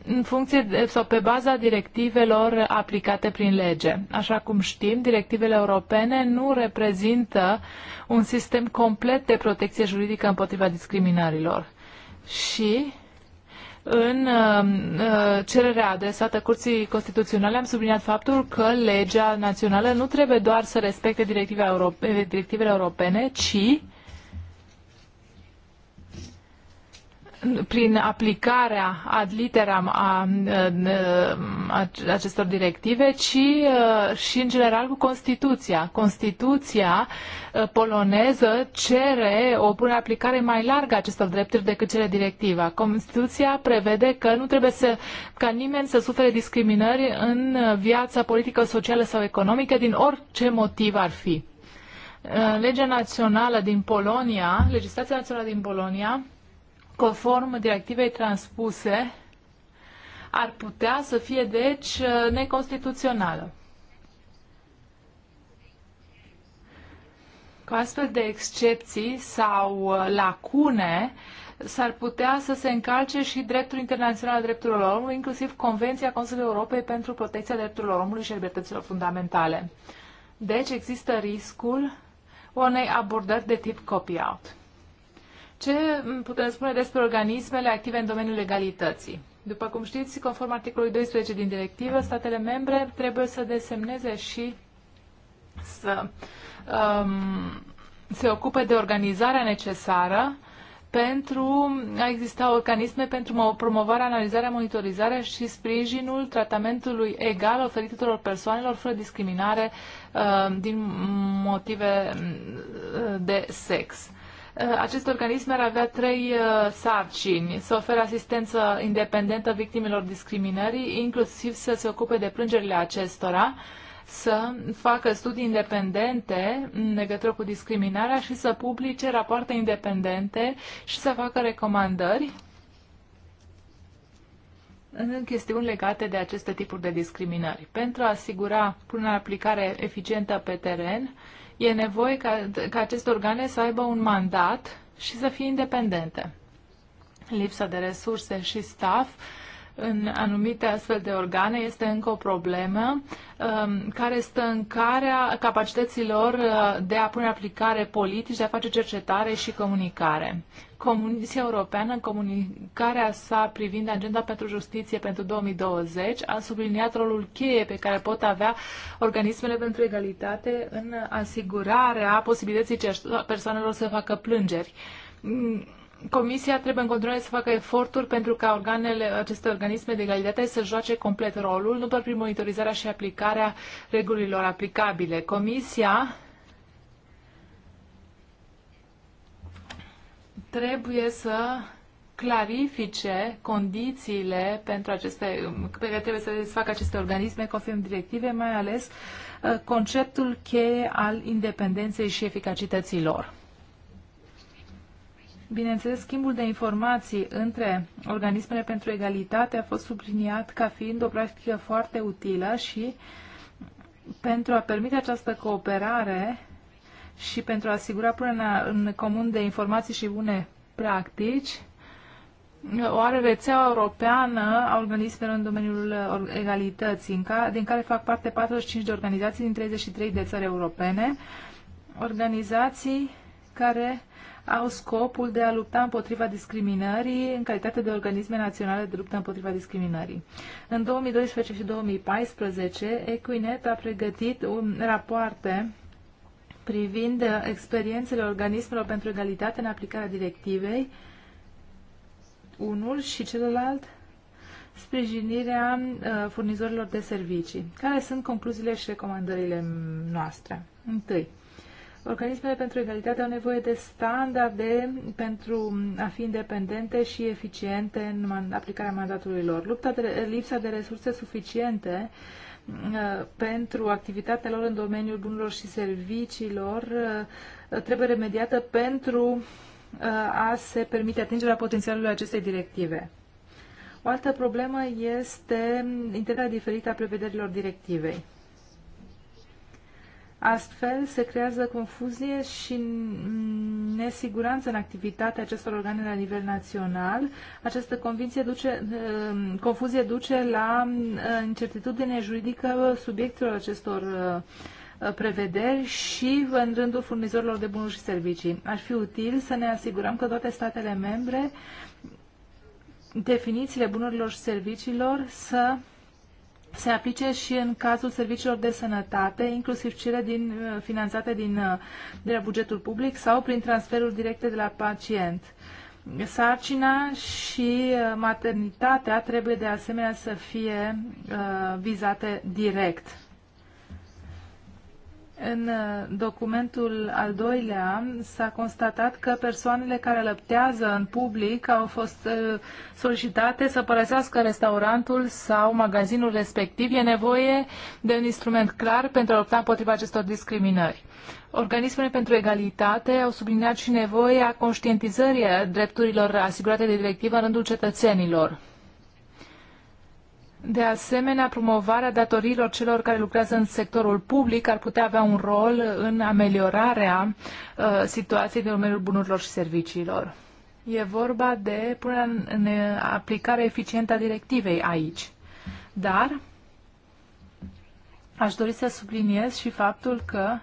în funcție de, sau pe baza directivelor aplicate prin lege. Așa cum știm, directivele europene nu reprezintă un sistem complet de protecție juridică împotriva discriminărilor. Și în uh, uh cererea adresată Curții Constituționale am subliniat faptul că legea națională nu trebuie doar să respecte directivele europene, ci prin aplicarea ad literam a, a acestor directive, ci și în general cu Constituția. Constituția poloneză cere o punere aplicare mai largă a acestor drepturi decât cele directiva. Constituția prevede că nu trebuie să, ca nimeni să sufere discriminări în viața politică, socială sau economică din orice motiv ar fi. Legea națională din Polonia, legislația națională din Polonia, conform directivei transpuse, ar putea să fie, deci, uh, neconstituțională. Cu astfel de excepții sau uh, lacune, s-ar putea să se încalce și dreptul internațional al drepturilor omului, inclusiv Convenția Consiliului Europei pentru protecția drepturilor omului și libertăților fundamentale. Deci există riscul unei abordări de tip copy-out. Ce putem spune despre organismele active în domeniul legalității? După cum știți, conform articolului 12 din directivă, statele membre trebuie să desemneze și să um, se ocupe de organizarea necesară pentru a exista organisme pentru promovarea, analizarea, monitorizarea și sprijinul tratamentului egal oferit tuturor persoanelor fără discriminare uh, din motive uh, de sex. Uh, acest organism ar avea trei uh, sarcini. Să ofere asistență independentă victimelor discriminării, inclusiv să se ocupe de plângerile acestora, să facă studii independente în legătură cu discriminarea și să publice rapoarte independente și să facă recomandări în chestiuni legate de aceste tipuri de discriminări. Pentru a asigura până aplicare eficientă pe teren, E nevoie ca, ca aceste organe să aibă un mandat și să fie independente. Lipsa de resurse și staff în anumite astfel de organe este încă o problemă um, care stă în carea capacităților uh, de a pune aplicare politici, de a face cercetare și comunicare. Comisia Europeană, în comunicarea sa privind agenda pentru justiție pentru 2020, a subliniat rolul cheie pe care pot avea organismele pentru egalitate în asigurarea posibilității persoanelor să facă plângeri mm, Comisia trebuie în continuare să facă eforturi pentru ca organele, aceste organisme de egalitate să joace complet rolul, nu doar prin monitorizarea și aplicarea regulilor aplicabile. Comisia trebuie să clarifice condițiile pentru aceste, pe care trebuie să le facă aceste organisme conform directive, mai ales uh, conceptul cheie al independenței și eficacității lor. Bineînțeles, schimbul de informații între organismele pentru egalitate a fost subliniat ca fiind o practică foarte utilă și pentru a permite această cooperare și pentru a asigura până în comun de informații și bune practici, oare rețeaua europeană a organismelor în domeniul egalității, în ca, din care fac parte 45 de organizații din 33 de țări europene, organizații care au scopul de a lupta împotriva discriminării în calitate de organisme naționale de luptă împotriva discriminării. În 2012 și 2014, Equinet a pregătit un rapoarte privind experiențele organismelor pentru egalitate în aplicarea directivei, unul și celălalt, sprijinirea uh, furnizorilor de servicii. Care sunt concluziile și recomandările noastre? Întâi, Organismele pentru egalitate au nevoie de standarde pentru a fi independente și eficiente în aplicarea mandatului lor. Lupta de, lipsa de resurse suficiente uh, pentru activitatea lor în domeniul bunurilor și serviciilor uh, trebuie remediată pentru uh, a se permite atingerea potențialului acestei directive. O altă problemă este integrarea diferită a prevederilor directivei. Astfel se creează confuzie și nesiguranță în activitatea acestor organe la nivel național. Această convinție duce, uh, confuzie duce la uh, incertitudine juridică subiectelor acestor uh, prevederi și în rândul furnizorilor de bunuri și servicii. Ar fi util să ne asigurăm că toate statele membre definițiile bunurilor și serviciilor să se aplice și în cazul serviciilor de sănătate, inclusiv cele din, uh, finanțate din, uh, de la bugetul public sau prin transferuri directe de la pacient. Sarcina și uh, maternitatea trebuie de asemenea să fie uh, vizate direct. În uh, documentul al doilea s-a constatat că persoanele care lăptează în public au fost uh, solicitate să părăsească restaurantul sau magazinul respectiv. E nevoie de un instrument clar pentru a lupta împotriva acestor discriminări. Organismele pentru egalitate au subliniat și nevoia conștientizării drepturilor asigurate de directivă în rândul cetățenilor de asemenea, promovarea datoriilor celor care lucrează în sectorul public ar putea avea un rol în ameliorarea uh, situației de domeniul bunurilor și serviciilor. E vorba de punerea în, în aplicare eficientă a directivei aici. Dar aș dori să subliniez și faptul că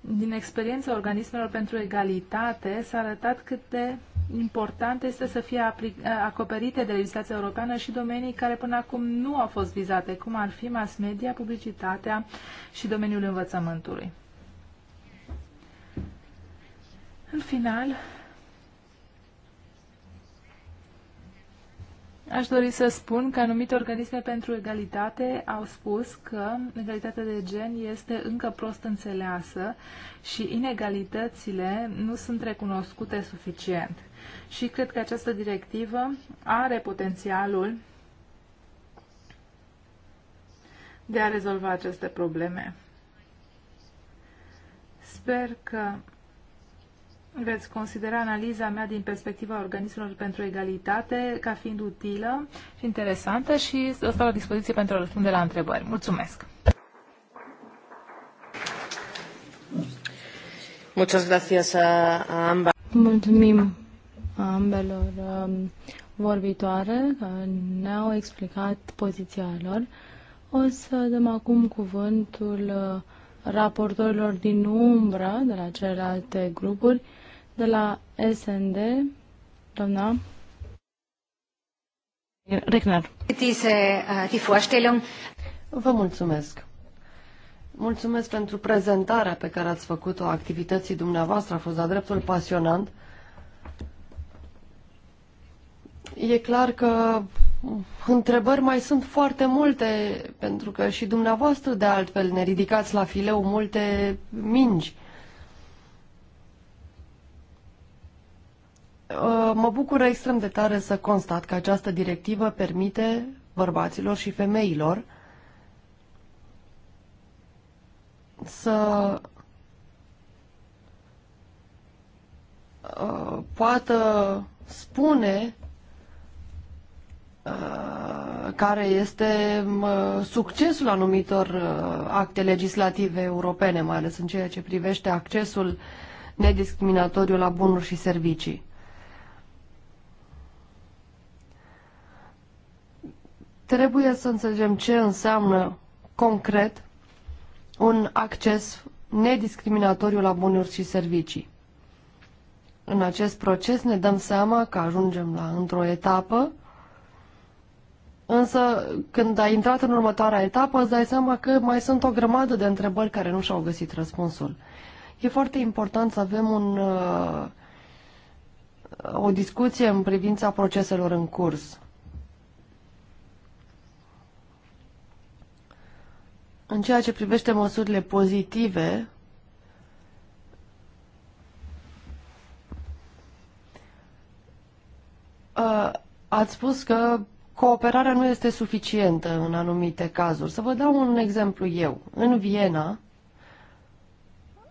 din experiența organismelor pentru egalitate s-a arătat cât de important este să fie acoperite de legislația europeană și domenii care până acum nu au fost vizate, cum ar fi mass media, publicitatea și domeniul învățământului. În final, Aș dori să spun că anumite organisme pentru egalitate au spus că egalitatea de gen este încă prost înțeleasă și inegalitățile nu sunt recunoscute suficient și cred că această directivă are potențialul de a rezolva aceste probleme. Sper că veți considera analiza mea din perspectiva organismelor pentru egalitate ca fiind utilă și interesantă și o stau la dispoziție pentru a răspunde la întrebări. Mulțumesc! Muchas gracias a, a ambas. Mulțumim ambelor um, vorbitoare ne-au explicat poziția lor. O să dăm acum cuvântul uh, raportorilor din umbră de la celelalte grupuri, de la SND, doamna Regner. Uh, Vă mulțumesc. Mulțumesc pentru prezentarea pe care ați făcut-o activității dumneavoastră. A fost de dreptul pasionant. E clar că uh, întrebări mai sunt foarte multe, pentru că și dumneavoastră de altfel ne ridicați la fileu multe mingi. Uh, mă bucură extrem de tare să constat că această directivă permite bărbaților și femeilor să uh, poată spune Uh, care este succesul anumitor uh, acte legislative europene, mai ales în ceea ce privește accesul nediscriminatoriu la bunuri și servicii. Trebuie să înțelegem ce înseamnă concret un acces nediscriminatoriu la bunuri și servicii. În acest proces ne dăm seama că ajungem la într-o etapă însă când ai intrat în următoarea etapă îți dai seama că mai sunt o grămadă de întrebări care nu și-au găsit răspunsul. E foarte important să avem un, uh, o discuție în privința proceselor în curs. În ceea ce privește măsurile pozitive, uh, ați spus că cooperarea nu este suficientă în anumite cazuri. Să vă dau un exemplu eu. În Viena,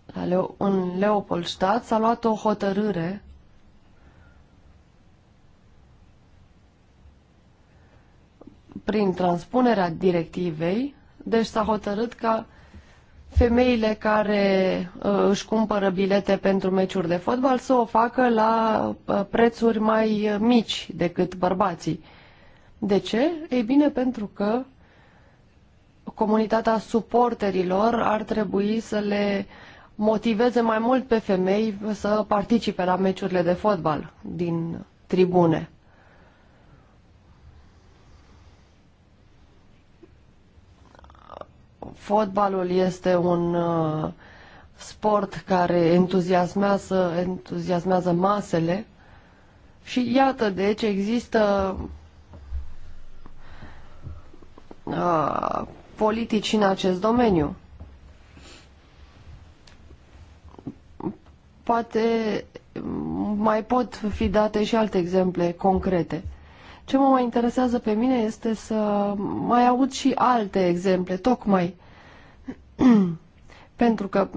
la Leo, în Leopoldstadt, s-a luat o hotărâre prin transpunerea directivei, deci s-a hotărât ca femeile care uh, își cumpără bilete pentru meciuri de fotbal să o facă la uh, prețuri mai uh, mici decât bărbații. Uh, de ce? Ei bine, pentru că comunitatea suporterilor ar trebui să le motiveze mai mult pe femei să participe la meciurile de fotbal din tribune. Fotbalul este un uh, sport care entuziasmează, entuziasmează masele și iată, deci există uh, politici în acest domeniu. Poate mai pot fi date și alte exemple concrete. Ce mă mai interesează pe mine este să mai aud și alte exemple, tocmai pentru că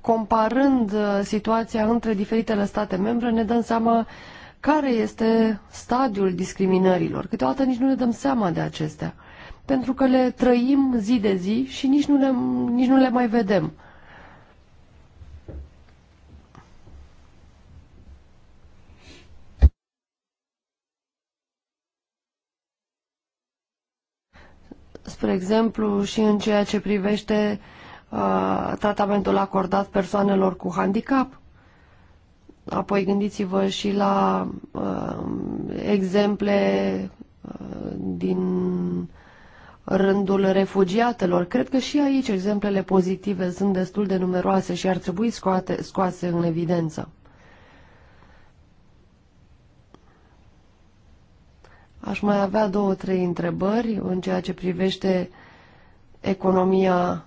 comparând uh, situația între diferitele state membre ne dăm seama care este stadiul discriminărilor. Câteodată nici nu ne dăm seama de acestea pentru că le trăim zi de zi și nici nu le, nici nu le mai vedem. Spre exemplu, și în ceea ce privește uh, tratamentul acordat persoanelor cu handicap, Apoi gândiți-vă și la uh, exemple uh, din rândul refugiatelor. Cred că și aici exemplele pozitive sunt destul de numeroase și ar trebui scoate, scoase în evidență. Aș mai avea două, trei întrebări în ceea ce privește economia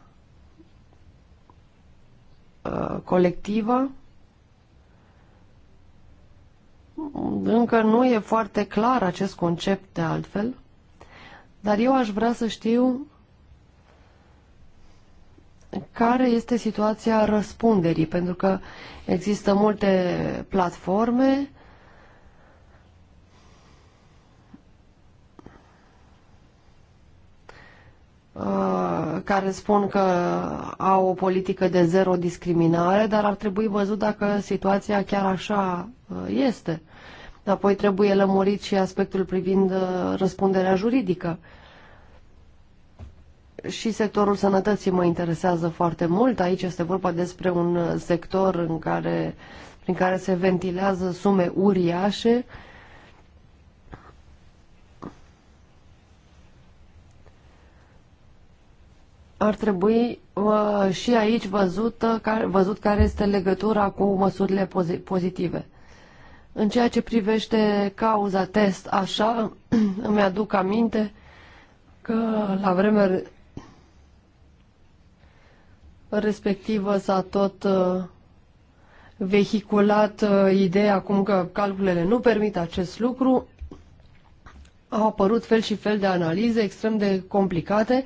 uh, colectivă. Încă nu e foarte clar acest concept de altfel. Dar eu aș vrea să știu care este situația răspunderii, pentru că există multe platforme uh, care spun că au o politică de zero discriminare, dar ar trebui văzut dacă situația chiar așa uh, este. Apoi trebuie lămurit și aspectul privind uh, răspunderea juridică. Și sectorul sănătății mă interesează foarte mult. Aici este vorba despre un uh, sector în care, prin care se ventilează sume uriașe. ar trebui uh, și aici văzut ca, văzut care este legătura cu măsurile pozitive. În ceea ce privește cauza test, așa, îmi aduc aminte că la vremea respectivă s-a tot uh, vehiculat uh, ideea acum că calculele nu permit acest lucru. Au apărut fel și fel de analize extrem de complicate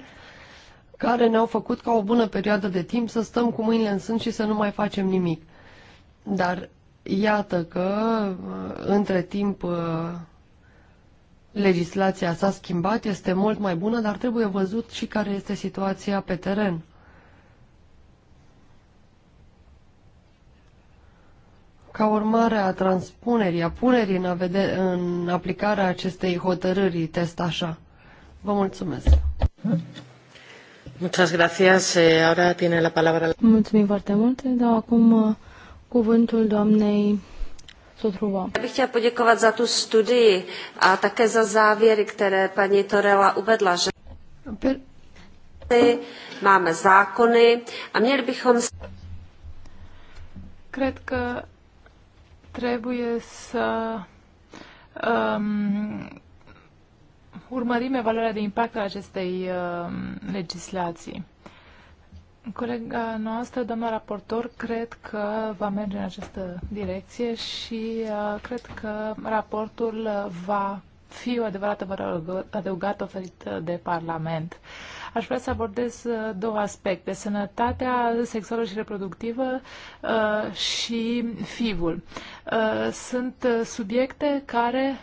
care ne-au făcut ca o bună perioadă de timp să stăm cu mâinile în sân și să nu mai facem nimic. Dar Iată că, uh, între timp, uh, legislația s-a schimbat, este mult mai bună, dar trebuie văzut și care este situația pe teren. Ca urmare a transpunerii, a punerii în, în aplicarea acestei hotărâri, test așa. Vă mulțumesc. Muchas gracias. Eh, ahora tiene la palabra. Mulțumim foarte mult. Dau acum uh, cuvântul doamnei Sotrova. Já bych chtěla poděkovat za tu studii a také za závěry, které paní Torela uvedla, že máme zákony a měli bychom... Cred că trebuie să um, urmărim evaluarea de impact a acestei um, legislații. Colega noastră, doamna raportor, cred că va merge în această direcție și uh, cred că raportul uh, va fi o adevărată valoare adăugată oferită uh, de Parlament. Aș vrea să abordez uh, două aspecte, sănătatea sexuală și reproductivă uh, și FIV-ul. Uh, sunt subiecte care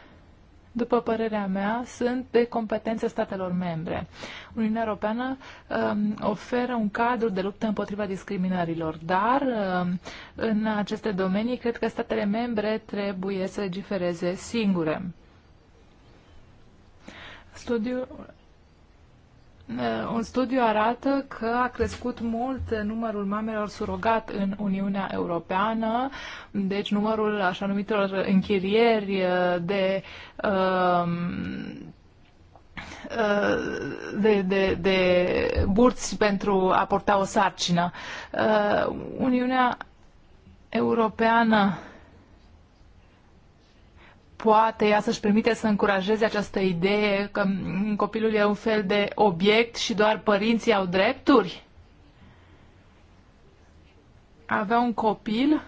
după părerea mea, sunt de competență statelor membre. Uniunea Europeană uh, oferă un cadru de luptă împotriva discriminărilor, dar uh, în aceste domenii cred că statele membre trebuie să legifereze singure. Studiul Eh, un studiu arată că a crescut mult numărul mamelor surogat în Uniunea Europeană, deci numărul așa numitelor închirieri eh, de ehm, eh, de, de, de burți pentru a porta o sarcină. Uniunea Europeană poate ea să-și permite să încurajeze această idee că copilul e un fel de obiect și doar părinții au drepturi? Avea un copil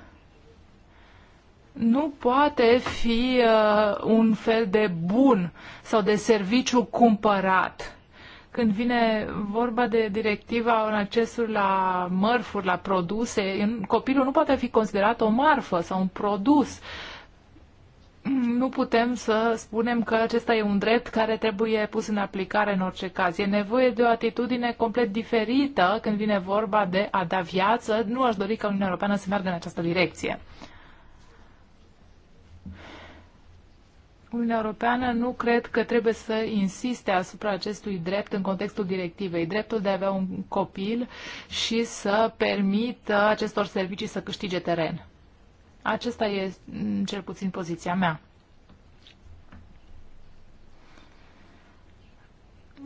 nu poate fi uh, un fel de bun sau de serviciu cumpărat. Când vine vorba de directiva în accesul la mărfuri, la produse, copilul nu poate fi considerat o marfă sau un produs. Uh, nu putem să spunem că acesta e un drept care trebuie pus în aplicare în orice caz. E nevoie de o atitudine complet diferită când vine vorba de a da viață. Nu aș dori ca Uniunea Europeană să meargă în această direcție. Uniunea Europeană nu cred că trebuie să insiste asupra acestui drept în contextul directivei, dreptul de a avea un copil și să permită acestor servicii să câștige teren. Acesta e mm, cel puțin poziția mea.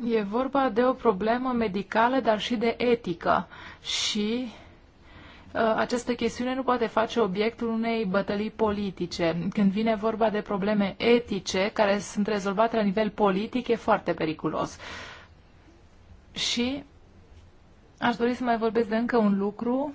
E vorba de o problemă medicală, dar și de etică. Și uh, această chestiune nu poate face obiectul unei bătălii politice. Când vine vorba de probleme etice care sunt rezolvate la nivel politic, e foarte periculos. Și aș dori să mai vorbesc de încă un lucru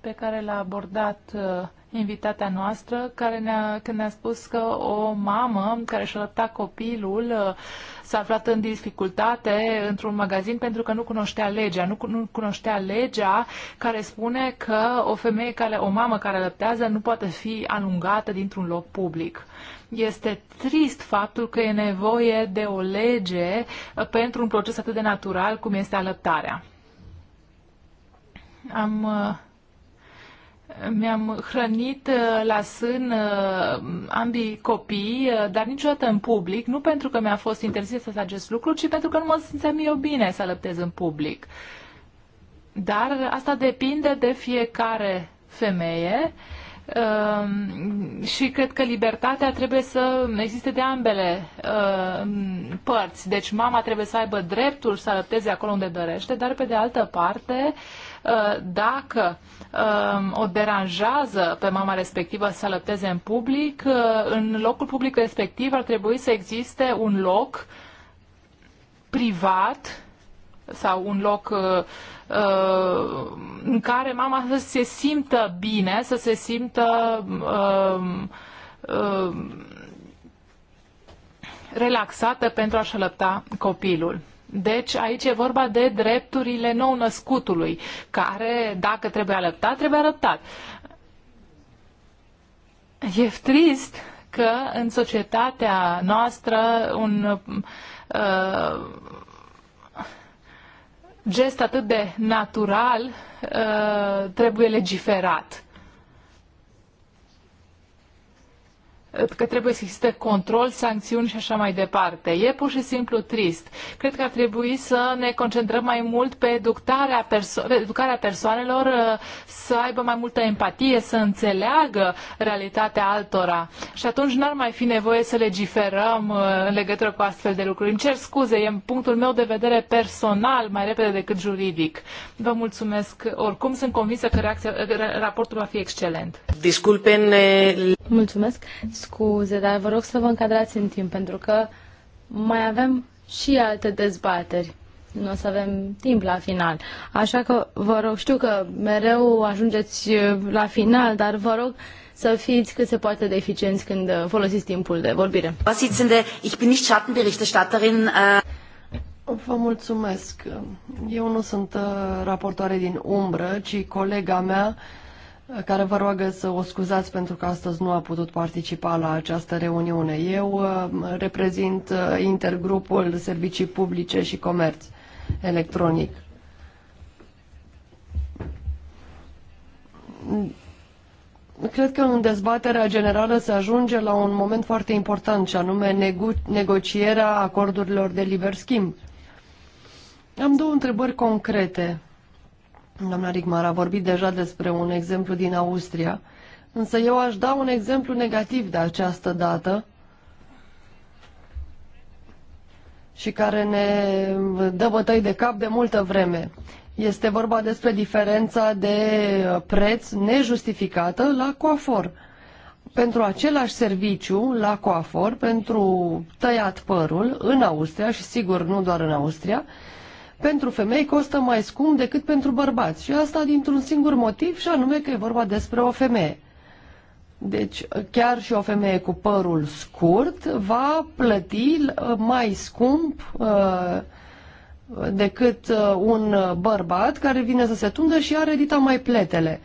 pe care l-a abordat uh, invitatea noastră, care ne-a, când ne-a spus că o mamă care și-a lăptat copilul uh, s-a aflat în dificultate într-un magazin pentru că nu cunoștea legea. Nu, nu cunoștea legea care spune că o femeie, care, o mamă care lăptează nu poate fi alungată dintr-un loc public este trist faptul că e nevoie de o lege uh, pentru un proces atât de natural cum este alăptarea. Am uh, mi-am hrănit uh, la sân uh, ambii copii, uh, dar niciodată în public, nu pentru că mi-a fost interzis să acest lucru, ci pentru că nu mă simțeam eu bine să lăptez în public. Dar asta depinde de fiecare femeie um, și cred că libertatea trebuie să existe de ambele um, părți. Deci mama trebuie să aibă dreptul să alăpteze acolo unde dorește, dar pe de altă parte Uh, dacă um, o deranjează pe mama respectivă să alăpteze în public, uh, în locul public respectiv ar trebui să existe un loc privat sau un loc uh, în care mama să se simtă bine, să se simtă um, um, relaxată pentru a-și alăpta copilul. Deci aici e vorba de drepturile nou-născutului, care dacă trebuie alăptat, trebuie alăptat. E trist că în societatea noastră un uh, gest atât de natural uh, trebuie legiferat. că trebuie să existe control, sancțiuni și așa mai departe. E pur și simplu trist. Cred că ar trebui să ne concentrăm mai mult pe educarea, perso- educarea persoanelor uh, să aibă mai multă empatie, să înțeleagă realitatea altora. Și atunci n-ar mai fi nevoie să legiferăm uh, în legătură cu astfel de lucruri. Îmi cer scuze, e în punctul meu de vedere personal mai repede decât juridic. Vă mulțumesc. Oricum sunt convinsă că reacția, raportul va fi excelent. Disculpen. Eh, mulțumesc scuze, dar vă rog să vă încadrați în timp, pentru că mai avem și alte dezbateri. Nu o să avem timp la final. Așa că vă rog, știu că mereu ajungeți la final, dar vă rog să fiți cât se poate de eficienți când folosiți timpul de vorbire. Äh, vă mulțumesc. Eu nu sunt uh, raportoare din umbră, ci colega mea, care vă roagă să o scuzați pentru că astăzi nu a putut participa la această reuniune. Eu uh, reprezint uh, intergrupul Servicii Publice și Comerț Electronic. Cred că în dezbaterea generală se ajunge la un moment foarte important, și anume nego negocierea acordurilor de liber schimb. Am două întrebări concrete Doamna Rigmar a vorbit deja despre un exemplu din Austria, însă eu aș da un exemplu negativ de această dată și care ne dă bătăi de cap de multă vreme. Este vorba despre diferența de preț nejustificată la coafor. Pentru același serviciu la coafor, pentru tăiat părul, în Austria și sigur nu doar în Austria, pentru femei costă mai scump decât pentru bărbați. Și asta dintr-un singur motiv și anume că e vorba despre o femeie. Deci chiar și o femeie cu părul scurt va plăti uh, mai scump uh, decât uh, un bărbat care vine să se tundă și are dita mai pletele.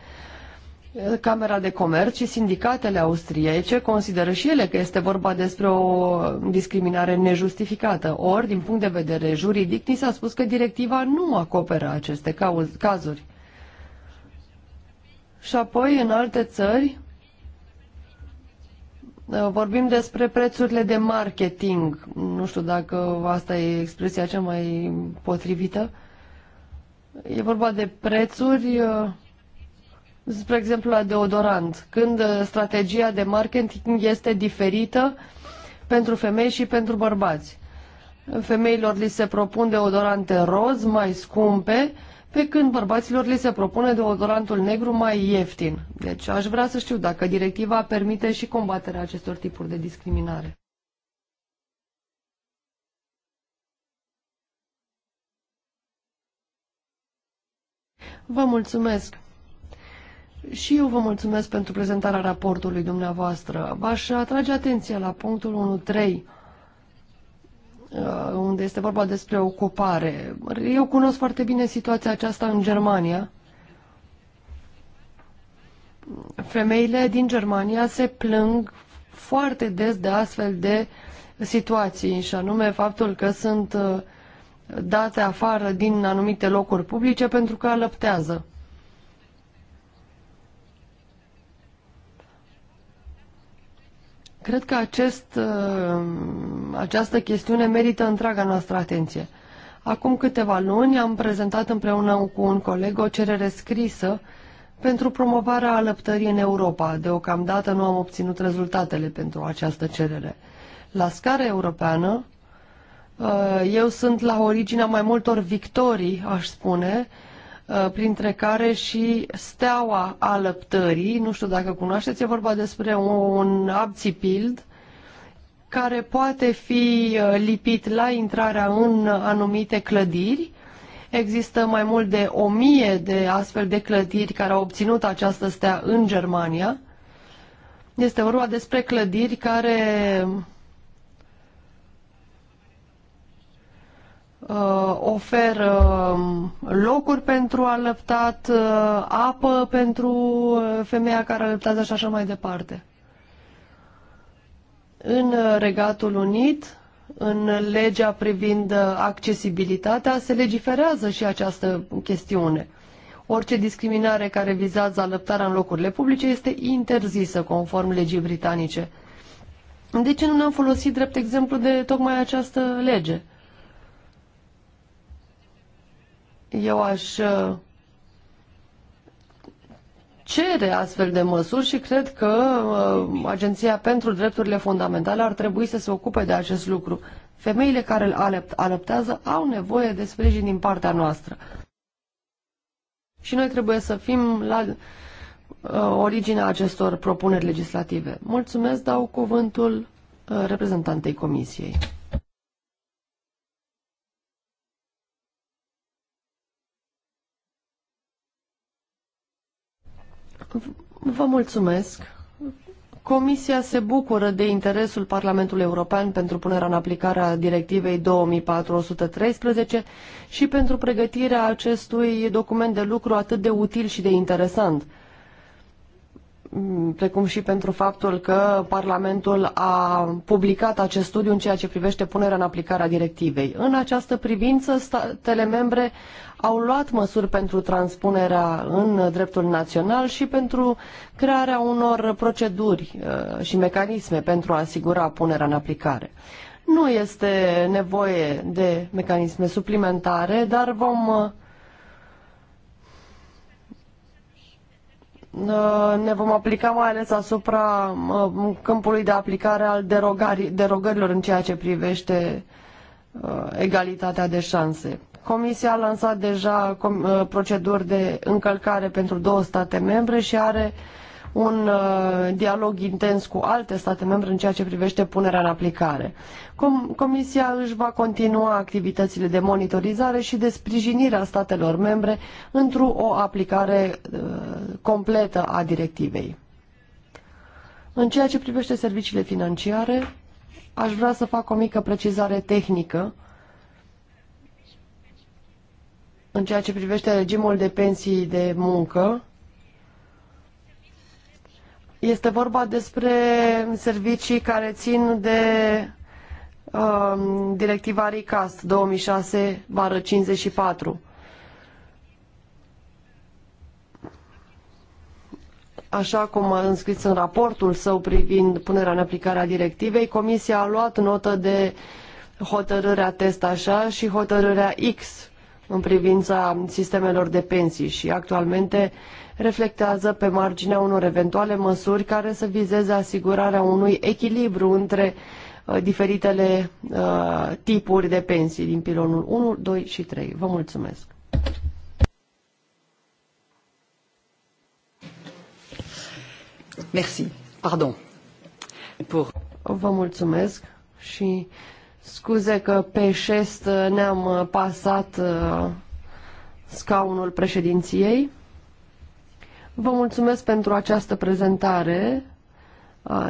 Camera de Comerț și sindicatele austriece consideră și ele că este vorba despre o discriminare nejustificată. Ori, din punct de vedere juridic, ni s-a spus că directiva nu acoperă aceste cazuri. Și apoi, în alte țări, vorbim despre prețurile de marketing. Nu știu dacă asta e expresia cea mai potrivită. E vorba de prețuri uh, spre exemplu, la deodorant, când uh, strategia de marketing este diferită pentru femei și pentru bărbați. Femeilor li se propun deodorante roz, mai scumpe, pe când bărbaților li se propune deodorantul negru mai ieftin. Deci aș vrea să știu dacă directiva permite și combaterea acestor tipuri de discriminare. Vă mulțumesc! și eu vă mulțumesc pentru prezentarea raportului dumneavoastră. V-aș atrage atenția la punctul 1.3 uh, unde este vorba despre ocupare. Eu cunosc foarte bine situația aceasta în Germania. Femeile din Germania se plâng foarte des de astfel de situații și anume faptul că sunt uh, date afară din anumite locuri publice pentru că alăptează. Cred că acest, uh, această chestiune merită întreaga noastră atenție. Acum câteva luni am prezentat împreună cu un coleg o cerere scrisă pentru promovarea alăptării în Europa. Deocamdată nu am obținut rezultatele pentru această cerere. La scară europeană, uh, eu sunt la originea mai multor victorii, aș spune, Uh, printre care și steaua alăptării, nu știu dacă cunoașteți, e vorba despre un abțipild care poate fi uh, lipit la intrarea în anumite clădiri. Există mai mult de o mie de astfel de clădiri care au obținut această stea în Germania. Este vorba despre clădiri care Uh, oferă um, locuri pentru alăptat, uh, apă pentru uh, femeia care alăptează și așa mai departe. În Regatul Unit, în legea privind accesibilitatea, se legiferează și această chestiune. Orice discriminare care vizează alăptarea în locurile publice este interzisă conform legii britanice. De ce nu ne-am folosit drept exemplu de tocmai această lege? Eu aș uh, cere astfel de măsuri și cred că uh, Agenția pentru Drepturile Fundamentale ar trebui să se ocupe de acest lucru. Femeile care îl alăptează au nevoie de sprijin din partea noastră. Și noi trebuie să fim la uh, originea acestor propuneri legislative. Mulțumesc, dau cuvântul reprezentantei Comisiei. Vă mulțumesc. Comisia se bucură de interesul Parlamentului European pentru punerea în aplicare a Directivei 2413 și pentru pregătirea acestui document de lucru atât de util și de interesant precum și pentru faptul că Parlamentul a publicat acest studiu în ceea ce privește punerea în aplicare a directivei. În această privință, statele membre au luat măsuri pentru transpunerea în dreptul național și pentru crearea unor proceduri uh, și mecanisme pentru a asigura punerea în aplicare. Nu este nevoie de mecanisme suplimentare, dar vom uh, Uh, ne vom aplica mai ales asupra uh, câmpului de aplicare al derogărilor în ceea ce privește uh, egalitatea de șanse. Comisia a lansat deja proceduri de încălcare pentru două state membre și are uh, un uh, dialog intens cu alte state membre în ceea ce privește punerea în aplicare. Com Comisia își va continua activitățile de monitorizare și de sprijinire a statelor membre într-o o aplicare uh, completă a directivei. În ceea ce privește serviciile financiare, aș vrea să fac o mică precizare tehnică în ceea ce privește regimul de pensii de muncă, este vorba despre servicii care țin de um, directiva RICAST 2006-54. Așa cum a înscris în raportul său privind punerea în aplicare a directivei, Comisia a luat notă de hotărârea test așa și hotărârea X în privința sistemelor de pensii și actualmente uh, reflectează pe marginea unor eventuale măsuri care să vizeze asigurarea unui echilibru între uh, diferitele uh, tipuri de pensii din pilonul 1, 2 și 3. Vă mulțumesc! Merci. Pardon. Pour... Vă mulțumesc și scuze că pe șest uh, ne-am uh, pasat scaunul președinției. Vă mulțumesc pentru această prezentare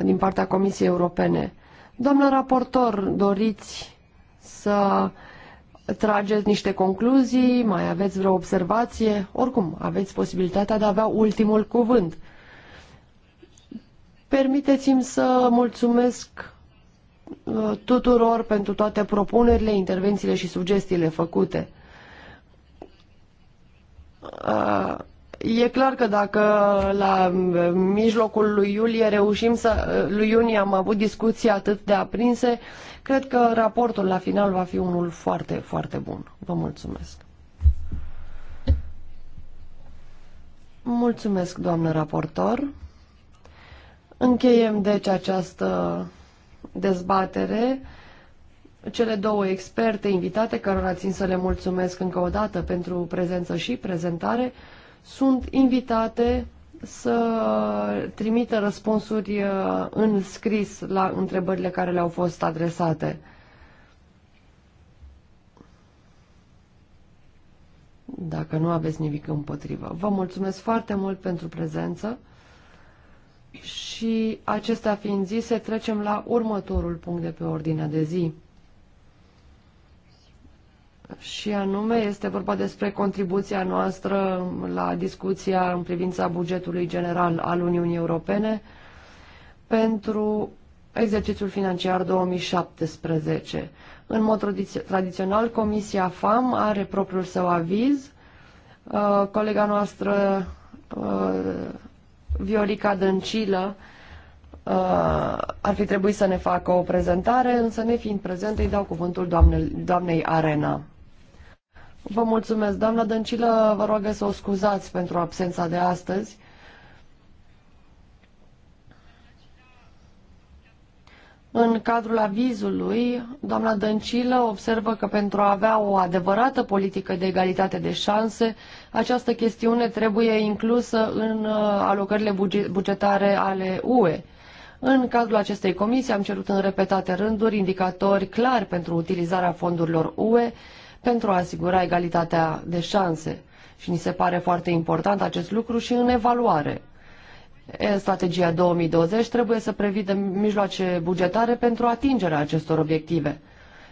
din partea Comisiei Europene. Doamnă raportor, doriți să trageți niște concluzii, mai aveți vreo observație? Oricum, aveți posibilitatea de a avea ultimul cuvânt. Permiteți-mi să mulțumesc tuturor pentru toate propunerile, intervențiile și sugestiile făcute. E clar că dacă la mijlocul lui iulie reușim să, lui iunie am avut discuții atât de aprinse, cred că raportul la final va fi unul foarte, foarte bun. Vă mulțumesc. Mulțumesc, doamnă raportor. Încheiem deci această dezbatere. Cele două experte invitate, cărora țin să le mulțumesc încă o dată pentru prezență și prezentare, sunt invitate să trimită răspunsuri uh, în scris la întrebările care le-au fost adresate. Dacă nu aveți nimic împotrivă. Vă mulțumesc foarte mult pentru prezență și acestea fiind zise, trecem la următorul punct de pe ordinea de zi și anume este vorba despre contribuția noastră la discuția în privința bugetului general al Uniunii Europene pentru exercițiul financiar 2017. În mod tradițional, Comisia FAM are propriul său aviz. Uh, colega noastră, uh, Viorica Dăncilă, uh, ar fi trebuit să ne facă o prezentare, însă fiind prezent, îi dau cuvântul doamne, doamnei Arena. Vă mulțumesc, doamna Dăncilă, vă rog să o scuzați pentru absența de astăzi. În cadrul avizului, doamna Dăncilă observă că pentru a avea o adevărată politică de egalitate de șanse, această chestiune trebuie inclusă în uh, alocările bugetare ale UE. În cadrul acestei comisii am cerut în repetate rânduri indicatori clari pentru utilizarea fondurilor UE, pentru a asigura egalitatea de șanse. Și ni se pare foarte important acest lucru și în evaluare. Strategia 2020 trebuie să previdă mijloace bugetare pentru atingerea acestor obiective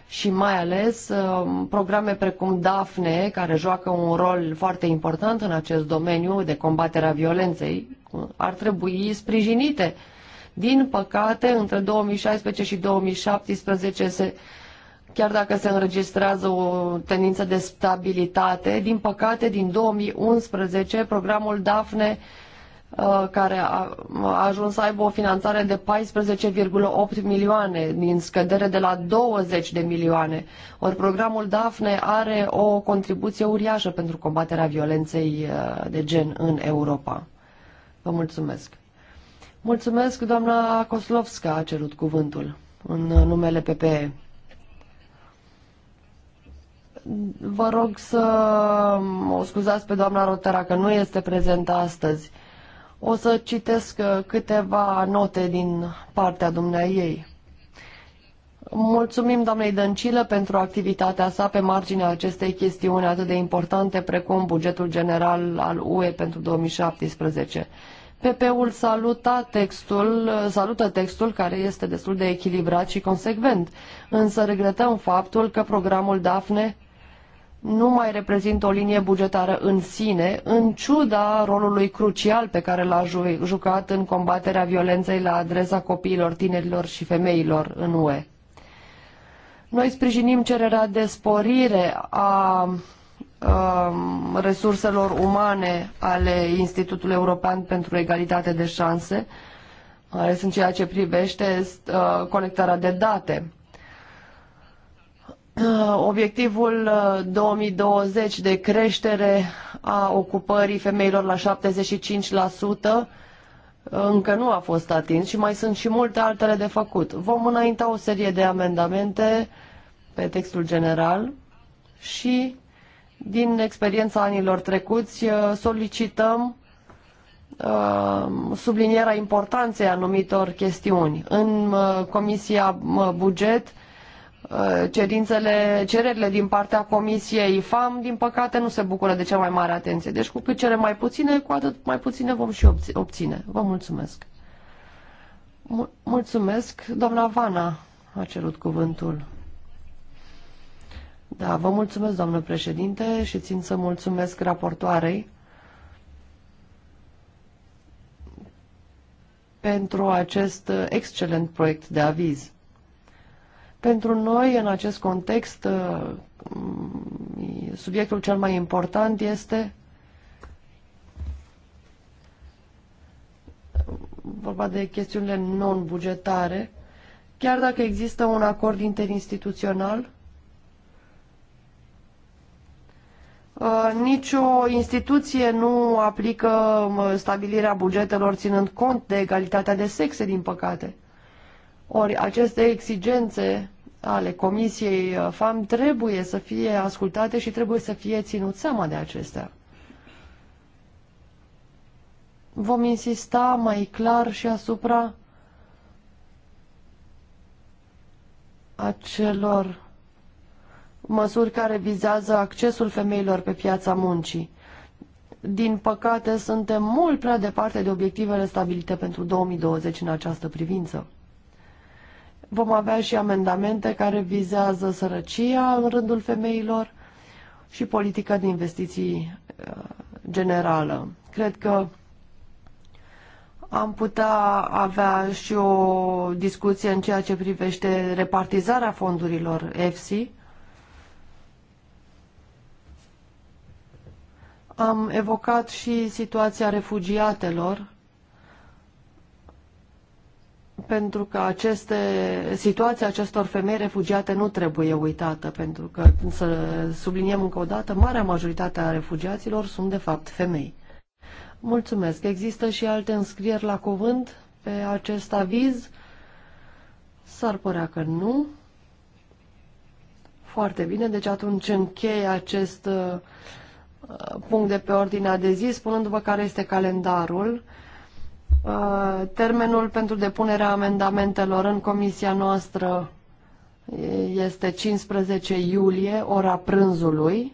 și mai ales ă, programe precum DAFNE, care joacă un rol foarte important în acest domeniu de combatere a violenței, ar trebui sprijinite. Din păcate, între 2016 și 2017 se chiar dacă se înregistrează o tendință de stabilitate, din păcate, din 2011, programul DAFNE, uh, care a, ajuns să aibă o finanțare de 14,8 milioane, din scădere de la 20 de milioane. Ori programul DAFNE are o contribuție uriașă pentru combaterea violenței uh, de gen în Europa. Vă mulțumesc. Mulțumesc, doamna Koslovska a cerut cuvântul în numele PPE. Vă rog să o scuzați pe doamna Rotera că nu este prezentă astăzi. O să citesc uh, câteva note din partea ei. Mulțumim doamnei Dăncilă pentru activitatea sa pe marginea acestei chestiuni atât de importante precum bugetul general al UE pentru 2017. PP-ul textul, salută textul care este destul de echilibrat și consecvent, însă regretăm faptul că programul DAFNE nu mai reprezintă o linie bugetară în sine, în ciuda rolului crucial pe care l-a jucat în combaterea violenței la adresa copiilor, tinerilor și femeilor în UE. Noi sprijinim cererea de sporire a, a um, resurselor umane ale Institutului European pentru Egalitate de Șanse, mai ales în ceea ce privește a, uh, colectarea de date obiectivul 2020 uh, de creștere a ocupării femeilor la 75% încă nu a fost atins și mai sunt și multe altele de făcut. Vom înainta o serie de amendamente pe textul general și din experiența anilor trecuți uh, solicităm uh, sublinierea importanței anumitor chestiuni. În Comisia Buget Uh, cerințele, cererile din partea Comisiei FAM, din păcate, nu se bucură de cea mai mare atenție. Deci cu cât cerem mai puține, cu atât mai puține vom și obține. Vă mulțumesc. Mulțumesc. Doamna Vana a cerut cuvântul. Da, vă mulțumesc, doamnă președinte, și țin să mulțumesc raportoarei pentru acest excelent proiect de aviz. Pentru noi, în acest context, uh, subiectul cel mai important este vorba de chestiunile non-bugetare, chiar dacă există un acord interinstituțional, uh, nicio instituție nu aplică uh, stabilirea bugetelor ținând cont de egalitatea de sexe, din păcate. Ori aceste exigențe ale Comisiei uh, FAM trebuie să fie ascultate și trebuie să fie ținut seama de acestea. Vom insista mai clar și asupra acelor măsuri care vizează accesul femeilor pe piața muncii. Din păcate, suntem mult prea departe de obiectivele stabilite pentru 2020 în această privință. Vom avea și amendamente care vizează sărăcia în rândul femeilor și politica de investiții uh, generală. Cred că am putea avea și o discuție în ceea ce privește repartizarea fondurilor EFSI. Am evocat și situația refugiatelor pentru că aceste, situația acestor femei refugiate nu trebuie uitată, pentru că, să subliniem încă o dată, marea majoritate a refugiaților sunt, de fapt, femei. Mulțumesc. Există și alte înscrieri la cuvânt pe acest aviz? S-ar părea că nu. Foarte bine, deci atunci închei acest uh, punct de pe ordinea de zi, spunându-vă care este calendarul. Uh, termenul pentru depunerea amendamentelor în comisia noastră este 15 iulie, ora prânzului.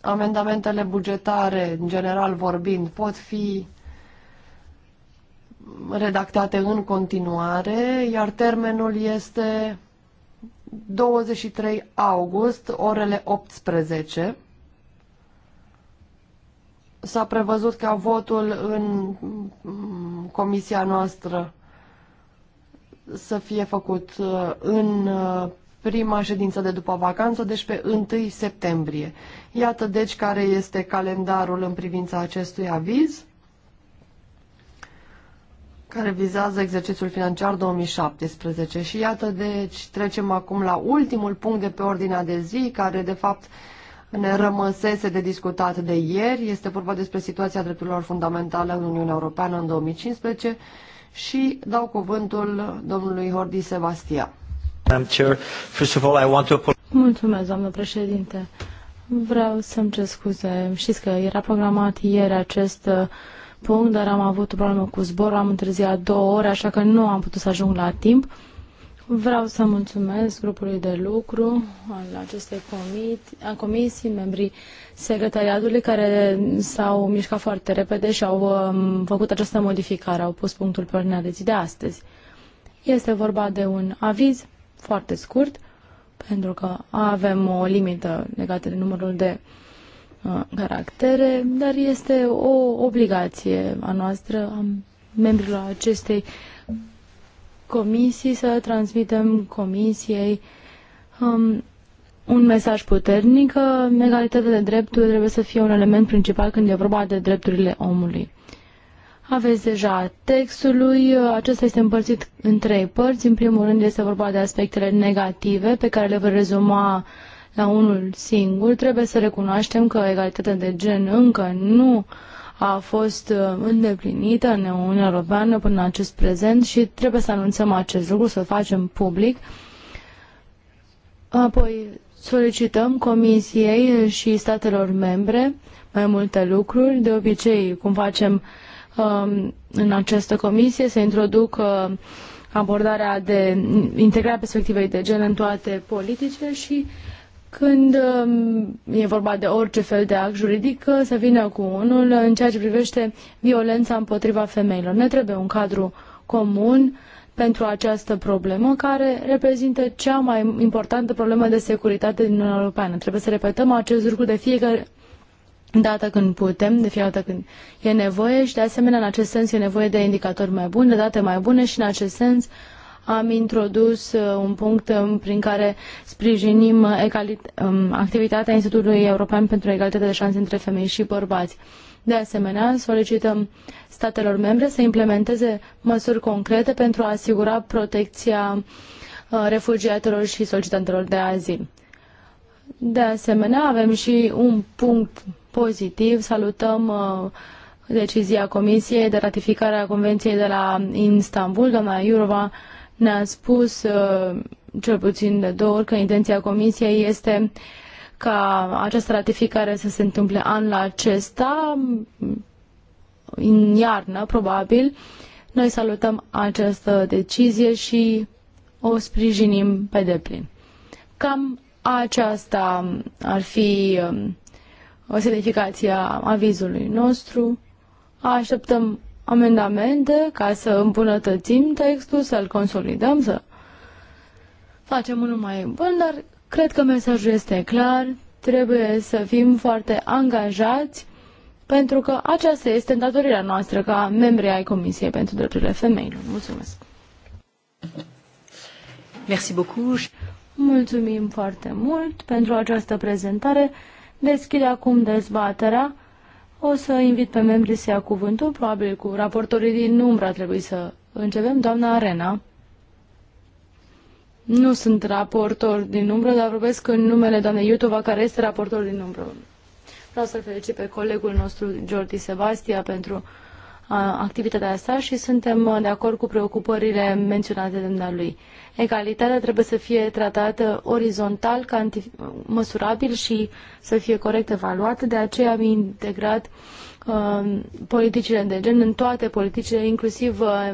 Amendamentele bugetare, în general vorbind, pot fi redactate în continuare, iar termenul este 23 august, orele 18 s-a prevăzut ca votul în mm, comisia noastră să fie făcut uh, în uh, prima ședință de după vacanță, deci pe 1 septembrie. Iată deci care este calendarul în privința acestui aviz care vizează exercițiul financiar 2017. Și iată, deci, trecem acum la ultimul punct de pe ordinea de zi, care, de fapt, ne rămăsese de discutat de ieri. Este vorba despre situația drepturilor fundamentale în Uniunea Europeană în 2015 și dau cuvântul domnului Hordi Sebastia. Mulțumesc, doamnă președinte. Vreau să-mi cer scuze. Știți că era programat ieri acest uh, punct, dar am avut o problemă cu zborul, am întârziat două ore, așa că nu am putut să ajung la timp. Vreau să mulțumesc grupului de lucru al acestei comisii, comisii membrii secretariatului care s-au mișcat foarte repede și au um, făcut această modificare, au pus punctul pe ordinea de zi de astăzi. Este vorba de un aviz foarte scurt, pentru că avem o limită legată de numărul de uh, caractere, dar este o obligație a noastră, a membrilor acestei uh, comisii să transmitem comisiei um, un mesaj puternic că egalitatea de drepturi trebuie să fie un element principal când e vorba de drepturile omului. Aveți deja textul lui, acesta este împărțit în trei părți. În primul rând este vorba de aspectele negative pe care le voi rezuma la unul singur. Trebuie să recunoaștem că egalitatea de gen încă nu uh, a fost uh, îndeplinită în Uniunea Europeană până în acest prezent și trebuie să anunțăm acest lucru, să-l facem public. Apoi solicităm Comisiei și statelor membre mai multe lucruri. De obicei, cum facem um, în această comisie, se introduc abordarea de integrarea perspectivei de gen în toate politicile și uh, când um, e vorba de orice fel de act juridic, uh, să vină cu unul în ceea ce privește violența împotriva femeilor. Ne trebuie un cadru comun pentru această problemă, care reprezintă cea mai importantă problemă de securitate din Uniunea Europeană. Trebuie să repetăm acest lucru de fiecare dată când putem, de fiecare dată când e nevoie și, de asemenea, în acest sens e nevoie de indicatori mai buni, de date mai bune și, în acest sens, uh, am introdus uh, un punct um, prin care sprijinim uh, um, activitatea Institutului European pentru Egalitatea de Șanse între Femei și Bărbați. De asemenea, solicităm statelor membre să implementeze măsuri concrete pentru a asigura protecția uh, refugiatelor și solicitantelor de azil. De asemenea, avem și un punct pozitiv. Salutăm decizia Comisiei de ratificare a Convenției de la Istanbul. Doamna Iurova ne-a spus uh, cel puțin de două ori că intenția Comisiei este ca această ratificare să se întâmple anul acesta, în iarnă, probabil. Noi salutăm această decizie și o sprijinim pe deplin. Cam aceasta ar fi um, o semnificație a avizului nostru. Așteptăm amendamente ca să îmbunătățim textul, să-l consolidăm, să facem unul mai bun, dar cred că mesajul este clar, trebuie să fim foarte angajați pentru că aceasta este îndatorirea noastră ca membri ai Comisiei pentru Drepturile Femeilor. Mulțumesc! Merci beaucoup. Mulțumim foarte mult pentru această prezentare. Deschid acum dezbaterea. O să invit pe membrii să ia cuvântul, probabil cu raportorii din umbra trebuie să începem. Doamna Arena. Nu sunt raportor din umbră, dar vorbesc în numele doamnei Iutova, care este raportor din umbră. Vreau să-l felicit pe colegul nostru, Jordi Sebastia, pentru activitatea sa și suntem uh, de acord cu preocupările menționate de dumnealui. Egalitatea trebuie să fie tratată orizontal, măsurabil și să fie corect evaluată, de aceea am integrat uh, politicile de gen în toate politicile, inclusiv uh,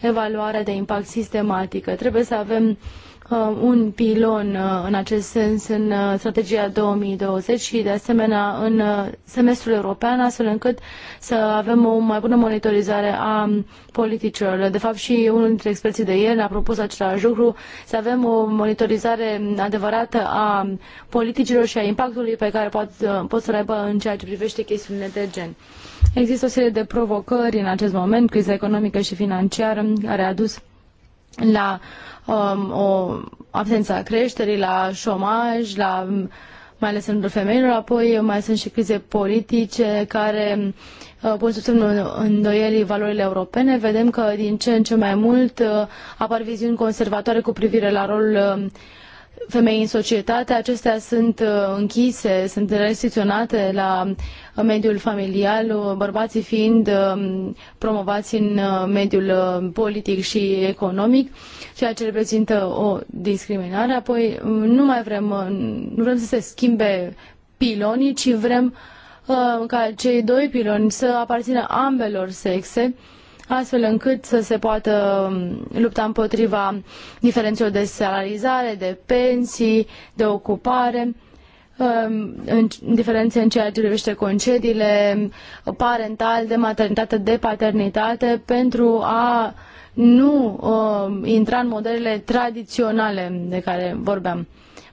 evaluarea de impact sistematică. Trebuie să avem uh, Uh, un pilon uh, în acest sens în uh, strategia 2020 și de asemenea în semestrul european, astfel încât să avem o mai bună monitorizare a politicilor. De fapt și unul dintre experții de ieri a propus același lucru, să avem o monitorizare adevărată a politicilor și a impactului pe care pot, pot să le aibă în ceea ce privește chestiunile de gen. Există o serie de provocări în acest moment, criza economică și financiară care a dus la um, o absență a creșterii, la șomaj, la mai ales în rândul femeilor, apoi mai sunt și crize politice care uh, pot să semnul îndoielii valorile europene. Vedem că din ce în ce mai mult uh, apar viziuni conservatoare cu privire la rolul uh, femei în societate, acestea sunt uh, închise, sunt restricționate la uh, mediul familial, uh, bărbații fiind um, promovați în mediul politic și economic, ceea ce reprezintă o discriminare. Apoi mm, nu mai vrem, nu vrem să se schimbe pilonii, ci vrem ca cei doi piloni să aparțină ambelor sexe, uh, astfel încât să se poată um, lupta împotriva diferențelor de salarizare, de pensii, de ocupare um, în diferențe în ceea ce privește concediile parental, de maternitate, de paternitate, pentru a nu uh, intra în modelele tradiționale de care vorbeam.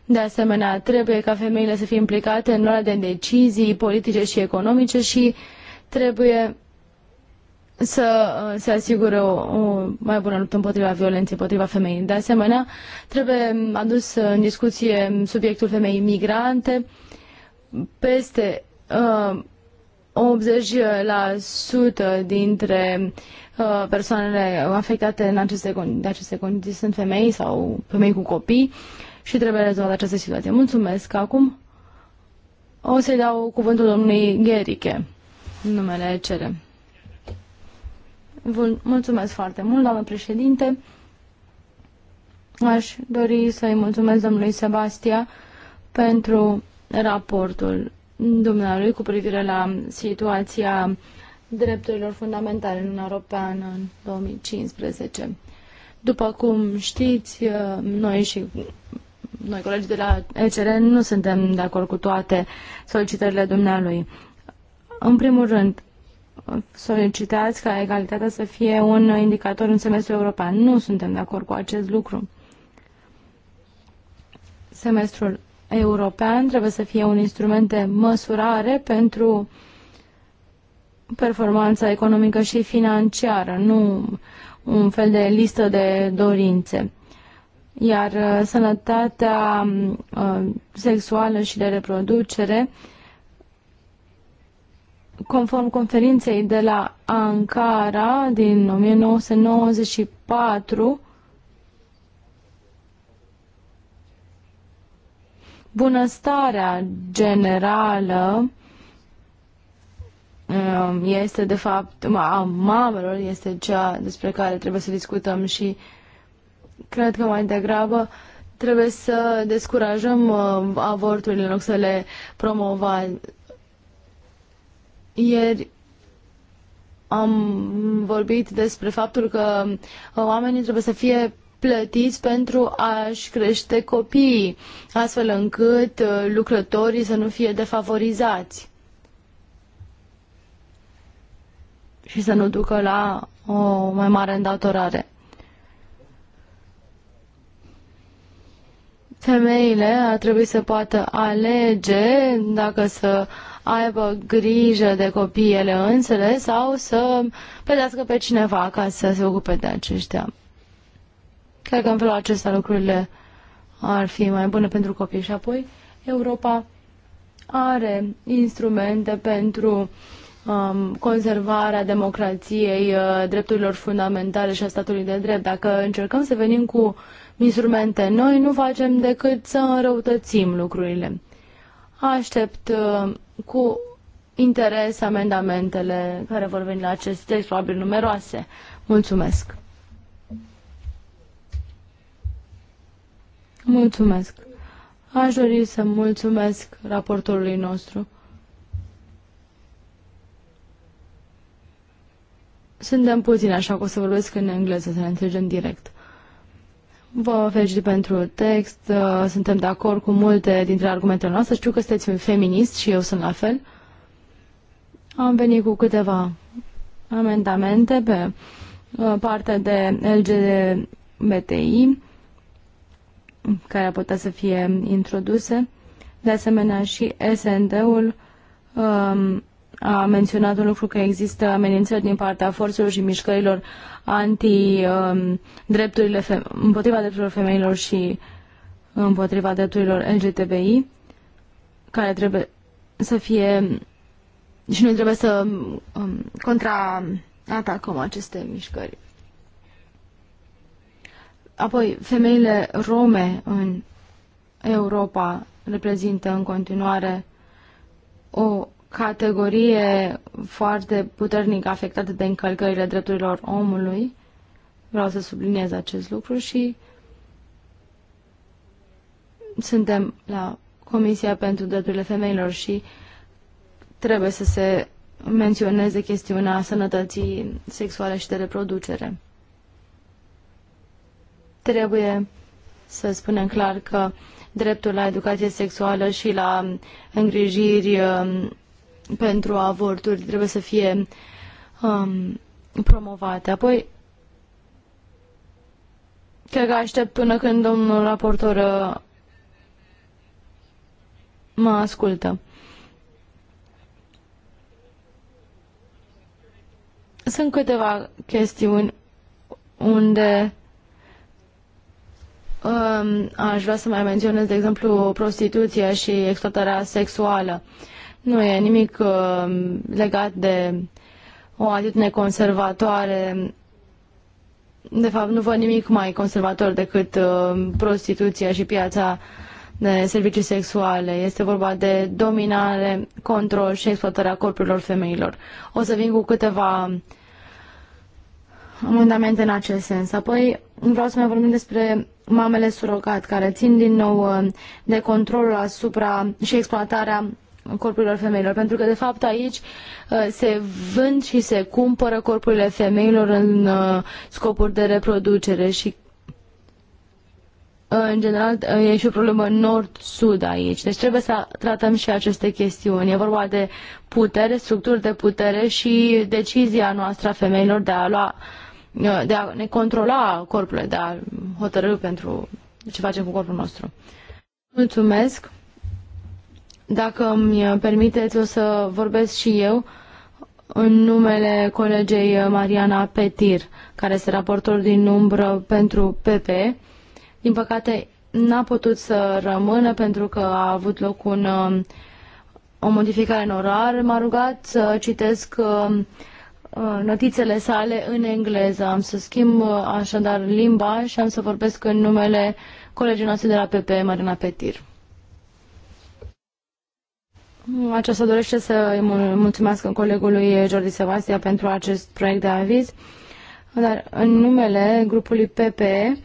De asemenea, trebuie ca femeile să fie implicate în luarea de decizii politice și economice și trebuie să uh, se asigure o, o mai bună luptă împotriva violenței împotriva femeii. De asemenea, trebuie mm, adus în discuție mm, subiectul femeii migrante. Peste uh, 80% dintre uh, persoanele afectate în aceste, de aceste condiții sunt femei sau femei cu copii și trebuie rezolvată această situație. Mulțumesc. Acum o să-i dau cuvântul domnului Gherike, numele cere mulțumesc foarte mult, doamnă președinte. Aș dori să-i mulțumesc domnului Sebastia pentru raportul dumnealui cu privire la situația drepturilor fundamentale în Europeană în 2015. După cum știți, noi și noi colegii de la ECR nu suntem de acord cu toate solicitările dumnealui. În primul rând, solicitați ca egalitatea să fie un indicator în semestru european. Nu suntem de acord cu acest lucru. Semestrul european trebuie să fie un instrument de măsurare pentru performanța economică și financiară, nu un fel de listă de dorințe. Iar uh, sănătatea uh, sexuală și de reproducere uh, Conform conferinței de la Ankara din 1994, bunăstarea generală um, este de fapt a mamelor este cea despre care trebuie să discutăm și cred că mai degrabă trebuie să descurajăm uh, avorturile în loc să le promovăm. Ieri am vorbit despre faptul că uh, oamenii trebuie să fie plătiți pentru a-și crește copiii, astfel încât uh, lucrătorii să nu fie defavorizați și să nu ducă la o mai mare îndatorare. Femeile ar trebui să poată alege dacă să aibă grijă de copii ele însele sau să pedească pe cineva ca să se ocupe de aceștia. Cred că în felul acesta lucrurile ar fi mai bune pentru copii. Și apoi Europa are instrumente pentru um, conservarea democrației, uh, drepturilor fundamentale și a statului de drept. Dacă încercăm să venim cu instrumente noi, nu facem decât să înrăutățim lucrurile. Aștept uh, cu interes amendamentele care vor veni la acest text, probabil numeroase. Mulțumesc! Mulțumesc! Aș dori să mulțumesc raportorului nostru. Suntem puțini, așa că o să vorbesc în engleză, să ne înțelegem direct. Vă felicit pentru text, uh, suntem de acord cu multe dintre argumentele noastre. Știu că sunteți feminist și eu sunt la fel. Am venit cu câteva amendamente pe uh, partea de LGBTI care ar putea să fie introduse. De asemenea și SND-ul um, a menționat un lucru că există amenințări din partea forțelor și mișcărilor anti-drepturile um, împotriva drepturilor femeilor și împotriva drepturilor LGTBI, care trebuie să fie și noi trebuie să um, contraatacăm aceste mișcări. Apoi, femeile rome în Europa reprezintă în continuare o categorie foarte puternic afectată de încălcările drepturilor omului. Vreau să subliniez acest lucru și suntem la Comisia pentru Drepturile Femeilor și trebuie să se menționeze chestiunea sănătății sexuale și de reproducere. Trebuie să spunem clar că dreptul la educație sexuală și la îngrijiri um, pentru avorturi trebuie să fie um, promovate. Apoi, cred că aștept până când domnul raportor uh, mă ascultă. Sunt câteva chestiuni unde um, aș vrea să mai menționez, de exemplu, prostituția și exploatarea sexuală. Uh, nu e nimic uh, legat de o atitudine conservatoare. De fapt, nu văd nimic mai conservator decât uh, prostituția și piața de servicii sexuale. Este vorba de dominare, control și exploatarea corpurilor femeilor. O să vin cu câteva amendamente în acest sens. Apoi vreau să mai vorbim despre mamele surogat, care țin din nou uh, de controlul asupra și exploatarea corpurilor femeilor, pentru că de fapt aici uh, se vând și se cumpără corpurile femeilor în uh, scopuri de reproducere și uh, în general e și o problemă nord-sud aici. Deci trebuie să tratăm și aceste chestiuni. E vorba de putere, structuri de putere și decizia noastră a femeilor de a lua de a ne controla corpurile, de a hotărâ pentru ce facem cu corpul nostru. Mulțumesc! Dacă îmi permiteți, o să vorbesc și eu în numele colegei Mariana Petir, care este raportor din umbră pentru PP. Din păcate, n-a putut să rămână pentru că a avut loc un, o modificare în orar. M-a rugat să citesc uh, notițele sale în engleză. Am să schimb uh, așadar limba și am să vorbesc în numele colegii noastre de la PP, Mariana Petir. Aceasta dorește să îi mulțumesc colegului Jordi Sebastia pentru acest proiect de aviz, dar în numele grupului PPE,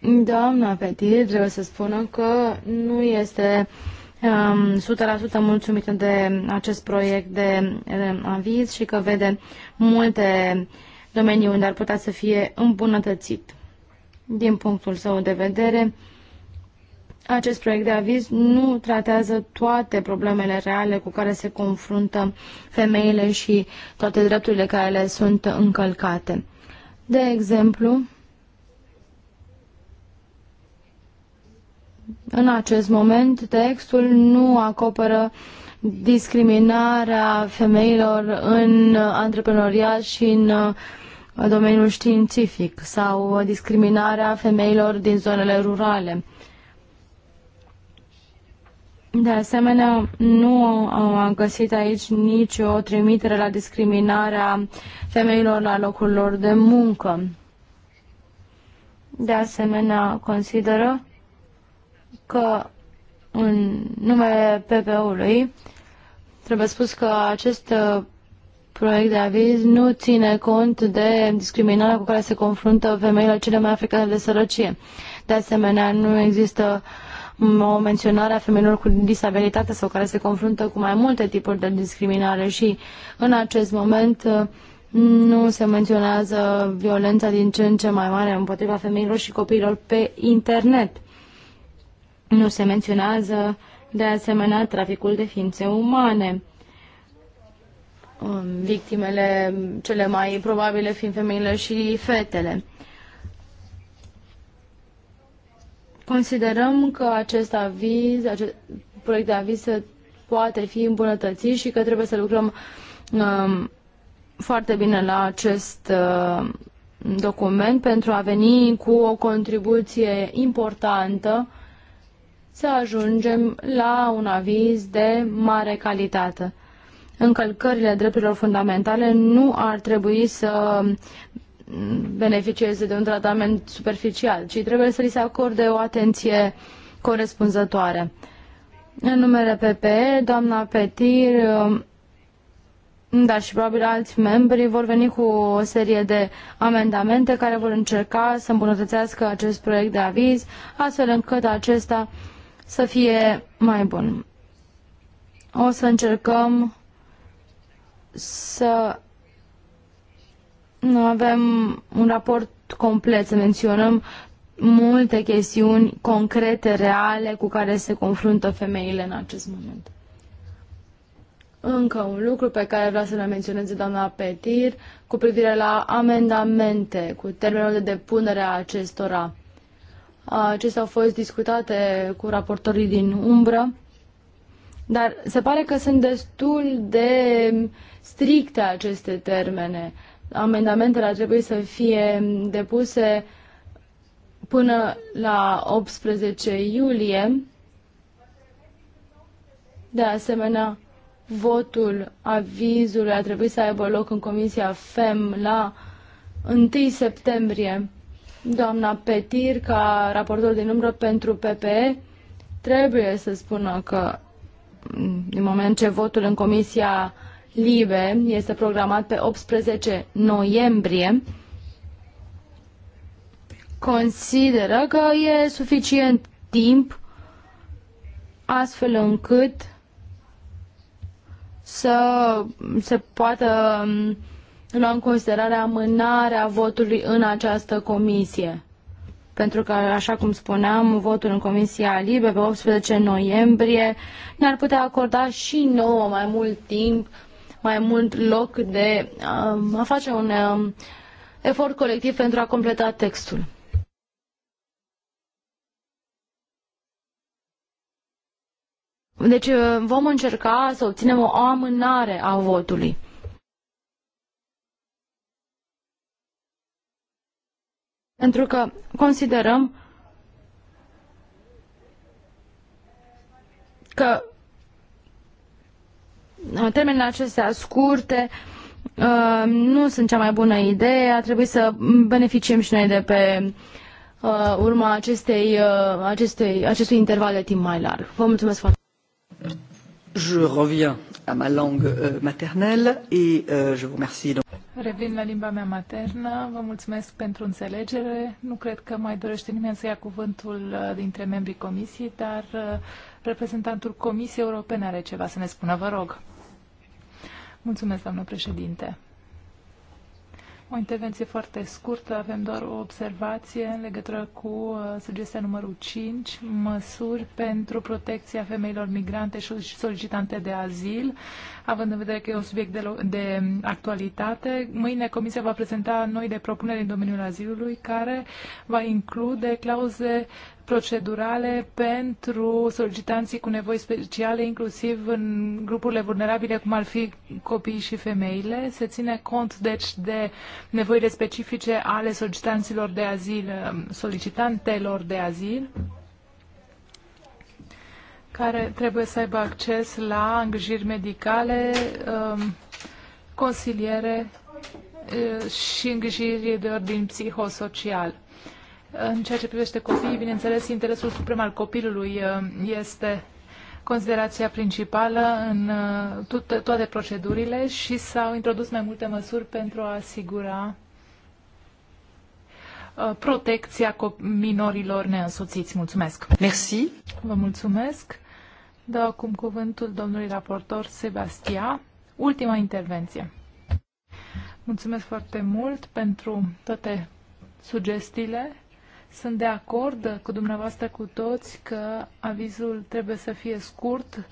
doamna Petir trebuie să spună că nu este 100% um, mulțumită de acest proiect de aviz și că vede multe domenii unde ar putea să fie îmbunătățit. Din punctul său de vedere, acest proiect de aviz nu tratează toate problemele reale cu care se confruntă femeile și toate drepturile care le sunt încălcate. De exemplu, în acest moment textul nu acoperă discriminarea femeilor în antreprenoriat și în uh, domeniul științific sau discriminarea femeilor din zonele rurale. De asemenea, nu uh, am găsit aici nicio trimitere la discriminarea femeilor la locul lor de muncă. De asemenea, consideră că în numele PP-ului trebuie spus că acest uh, proiect de aviz nu ține cont de discriminarea cu care se confruntă femeile cele mai africane de sărăcie. De asemenea, nu există uh, o menționare a femeilor cu disabilitate sau care se confruntă cu mai multe tipuri de discriminare și în acest moment nu se menționează violența din ce în ce mai mare împotriva femeilor și copiilor pe internet. Nu se menționează de asemenea traficul de ființe umane um, victimele cele mai probabile fiind femeile și fetele. Considerăm că acest aviz, acest proiect de aviz se poate fi îmbunătățit și că trebuie să lucrăm um, foarte bine la acest uh, document pentru a veni cu o contribuție importantă să ajungem la un aviz de mare calitate încălcările drepturilor fundamentale nu ar trebui să beneficieze de un tratament superficial, ci trebuie să li se acorde o atenție corespunzătoare. În numele PPE, doamna Petir, um, dar și probabil alți membri vor veni cu o serie de amendamente care vor încerca să îmbunătățească acest proiect de aviz, astfel încât acesta să fie mai bun. O să încercăm să avem un raport complet, să menționăm multe chestiuni concrete, reale, cu care se confruntă femeile în acest moment. Încă un lucru pe care vreau să-l menționez, doamna Petir cu privire la amendamente, cu termenul de depunere a acestora. Acestea au fost discutate cu raportorii din umbră, dar se pare că sunt destul de stricte aceste termene amendamentele ar trebui să fie depuse până la 18 iulie. De asemenea, votul avizului a trebuit să aibă loc în Comisia FEM la 1 septembrie. Doamna Petir, ca raportor din umbră pentru PPE, trebuie să spună că mm, din moment ce votul în Comisia Libe este programat pe 18 noiembrie, consideră că e suficient timp astfel încât să se poată um, lua în considerare amânarea votului în această comisie. Pentru că, așa cum spuneam, votul în Comisia Libe pe 18 noiembrie ne-ar putea acorda și nouă mai mult timp mai mult loc de um, a face un um, efort colectiv pentru a completa textul. Deci uh, vom încerca să obținem o amânare a votului. Pentru că considerăm că termenele acestea scurte uh, nu sunt cea mai bună idee, a trebuit să beneficiem și noi de pe uh, urma acestei, uh, acestei, acestui interval de timp mai larg. Vă mulțumesc foarte mult! Je reviens à ma langue euh, maternelle et euh, je vous remercie. Revin la limba mea maternă. Vă mulțumesc pentru înțelegere. Nu cred că mai dorește nimeni să ia cuvântul dintre membrii comisiei, dar reprezentantul Comisiei Europene are ceva să ne spună. Vă rog. Mulțumesc, doamnă președinte. O intervenție foarte scurtă, avem doar o observație în legătură cu uh, sugestia numărul 5, măsuri pentru protecția femeilor migrante și solicitante de azil având în vedere că e un subiect de, de actualitate. Mâine Comisia va prezenta noi de propuneri în domeniul azilului, care va include clauze procedurale pentru solicitanții cu nevoi speciale, inclusiv în grupurile vulnerabile, cum ar fi copiii și femeile. Se ține cont, deci, de nevoile specifice ale solicitanților de azil, solicitantelor de azil care trebuie să aibă acces la îngrijiri medicale, um, consiliere uh, și îngrijiri de ordin psihosocial. În ceea ce privește copiii, bineînțeles, interesul suprem al copilului uh, este considerația principală în uh, toate procedurile și s-au introdus mai multe măsuri pentru a asigura protecția minorilor neînsoțiți. Mulțumesc! Merci! Vă mulțumesc! Dă acum cuvântul domnului raportor Sebastia. Ultima intervenție. Mulțumesc foarte mult pentru toate sugestiile. Sunt de acord cu dumneavoastră cu toți că avizul trebuie să fie scurt,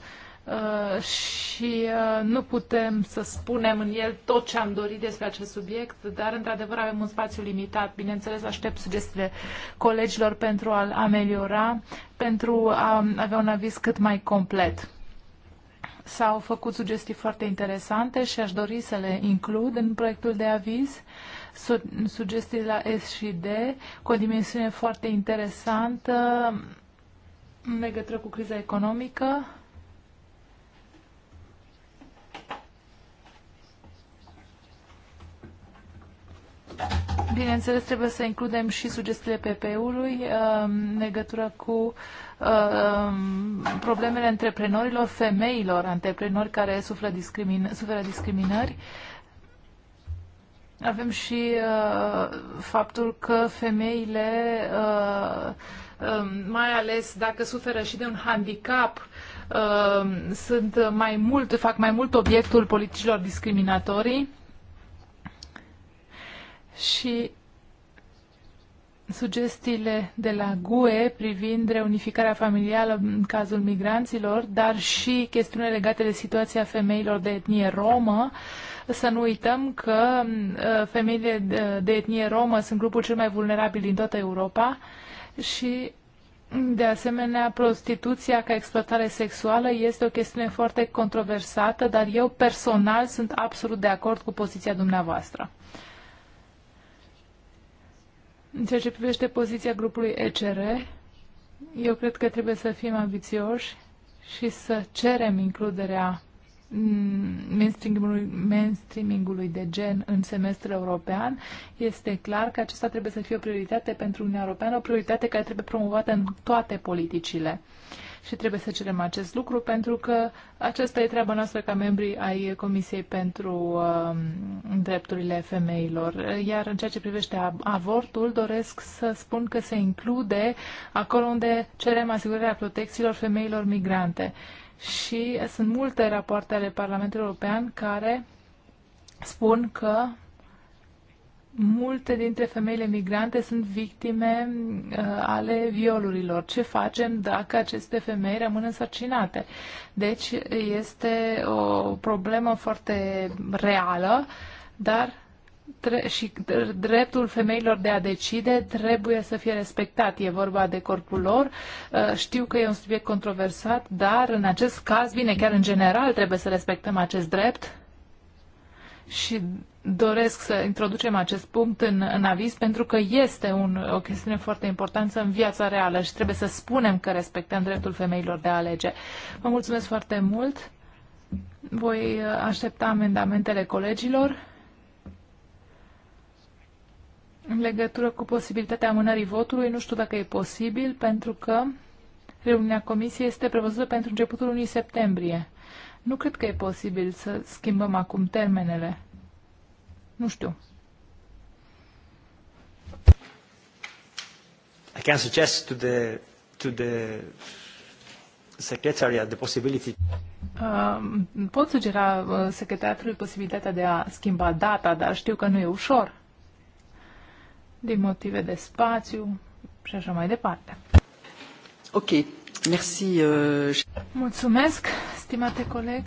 Uh, și uh, nu putem să spunem în el tot ce am dorit despre acest subiect, dar într-adevăr avem un spațiu limitat. Bineînțeles, aștept sugestiile colegilor pentru a-l ameliora, pentru a avea un aviz cât mai complet. S-au făcut sugestii foarte interesante și aș dori să le includ în proiectul de aviz sugestii la S și D, cu o dimensiune foarte interesantă în legătură cu criza economică Bineînțeles, trebuie să includem și sugestiile PP-ului um, în legătură cu um, problemele antreprenorilor, femeilor antreprenori care suferă, discrimin suferă discriminări. Avem și uh, faptul că femeile, uh, uh, mai ales dacă suferă și de un handicap, uh, sunt mai mult, fac mai mult obiectul politicilor discriminatorii și sugestiile de la GUE privind reunificarea familială în cazul migranților, dar și chestiune legate de situația femeilor de etnie romă. Să nu uităm că uh, femeile de etnie romă sunt grupul cel mai vulnerabil din toată Europa și de asemenea, prostituția ca exploatare sexuală este o chestiune foarte controversată, dar eu personal sunt absolut de acord cu poziția dumneavoastră. În ceea ce privește poziția grupului ECR, eu cred că trebuie să fim ambițioși și să cerem includerea mm, mainstreamingului, mainstreamingului de gen în semestrul european, este clar că acesta trebuie să fie o prioritate pentru Uniunea Europeană, o prioritate care trebuie promovată în toate politicile. Uh, și trebuie să cerem acest lucru pentru că aceasta e treaba noastră ca membri ai Comisiei pentru uh, drepturile femeilor. Iar în ceea ce privește avortul, doresc să spun că se include acolo unde cerem asigurarea protecțiilor femeilor migrante. Și sunt multe rapoarte ale Parlamentului European care spun că Multe dintre femeile migrante sunt victime uh, ale violurilor. Ce facem dacă aceste femei rămân însărcinate? Deci este o problemă foarte reală, dar și dreptul femeilor de a decide trebuie să fie respectat. E vorba de corpul lor. Uh, știu că e un subiect controversat, dar în acest caz, bine, chiar în general trebuie să respectăm acest drept și doresc să introducem acest punct în, în aviz pentru că este un, o chestiune foarte importantă în viața reală și trebuie să spunem că respectăm dreptul femeilor de a alege. Vă mulțumesc foarte mult. Voi uh, aștepta amendamentele colegilor în legătură cu posibilitatea amânării votului. Nu știu dacă e posibil pentru că reuniunea comisiei este prevăzută pentru începutul lunii septembrie. Nu cred că e posibil să schimbăm acum termenele. Nu știu. I can suggest to the, to the secretary the possibility um, Pot sugera uh, secretarului posibilitatea de a schimba data, dar știu că nu e ușor. Din motive de spațiu și așa mai departe. Ok, merci. Uh... Mulțumesc, stimate coleg.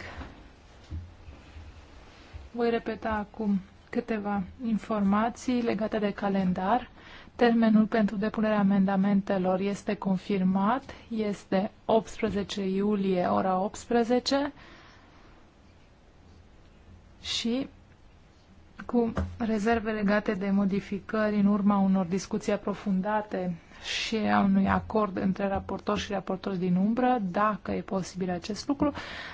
Voi repeta acum câteva informații legate de calendar. Termenul pentru depunerea amendamentelor este confirmat, este 18 iulie, ora 18 și cu rezerve legate de modificări în urma unor discuții aprofundate și a unui acord între raportor și raportor din umbră, dacă e posibil acest lucru,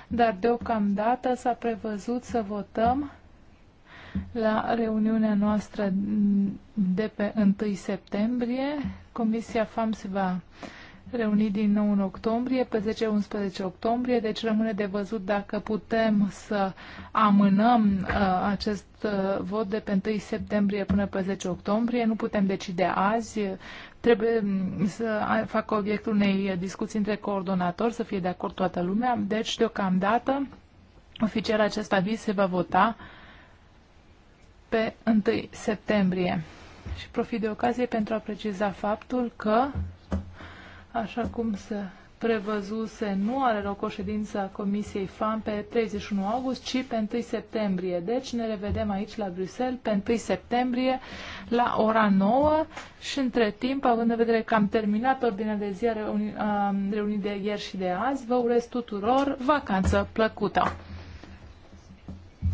dar deocamdată s-a prevăzut să votăm la reuniunea noastră de pe 1 septembrie, Comisia FAM se va reuni din nou în octombrie, pe 10-11 octombrie, deci rămâne de văzut dacă putem să amânăm uh, acest uh, vot de pe 1 septembrie până pe 10 octombrie. Nu putem decide azi, trebuie mm, să facă obiectul unei discuții între coordonatori, să fie de acord toată lumea. Deci, deocamdată, oficial acest aviz se va vota pe 1 septembrie. Și profit de ocazie pentru a preciza faptul că, așa cum se prevăzuse, nu are loc o ședință a Comisiei FAM pe 31 august, ci pe 1 septembrie. Deci ne revedem aici la Bruxelles pe 1 septembrie la ora 9 și între timp, având în vedere că am terminat ordinea de zi a reunii de ieri și de azi, vă urez tuturor vacanță plăcută!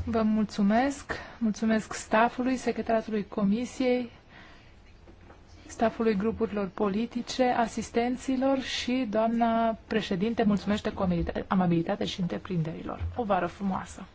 Vă mulțumesc. Mulțumesc stafului secretarului comisiei, stafului grupurilor politice, asistenților și doamna președinte mulțumește cu amabilitate și întreprinderilor. O vară frumoasă!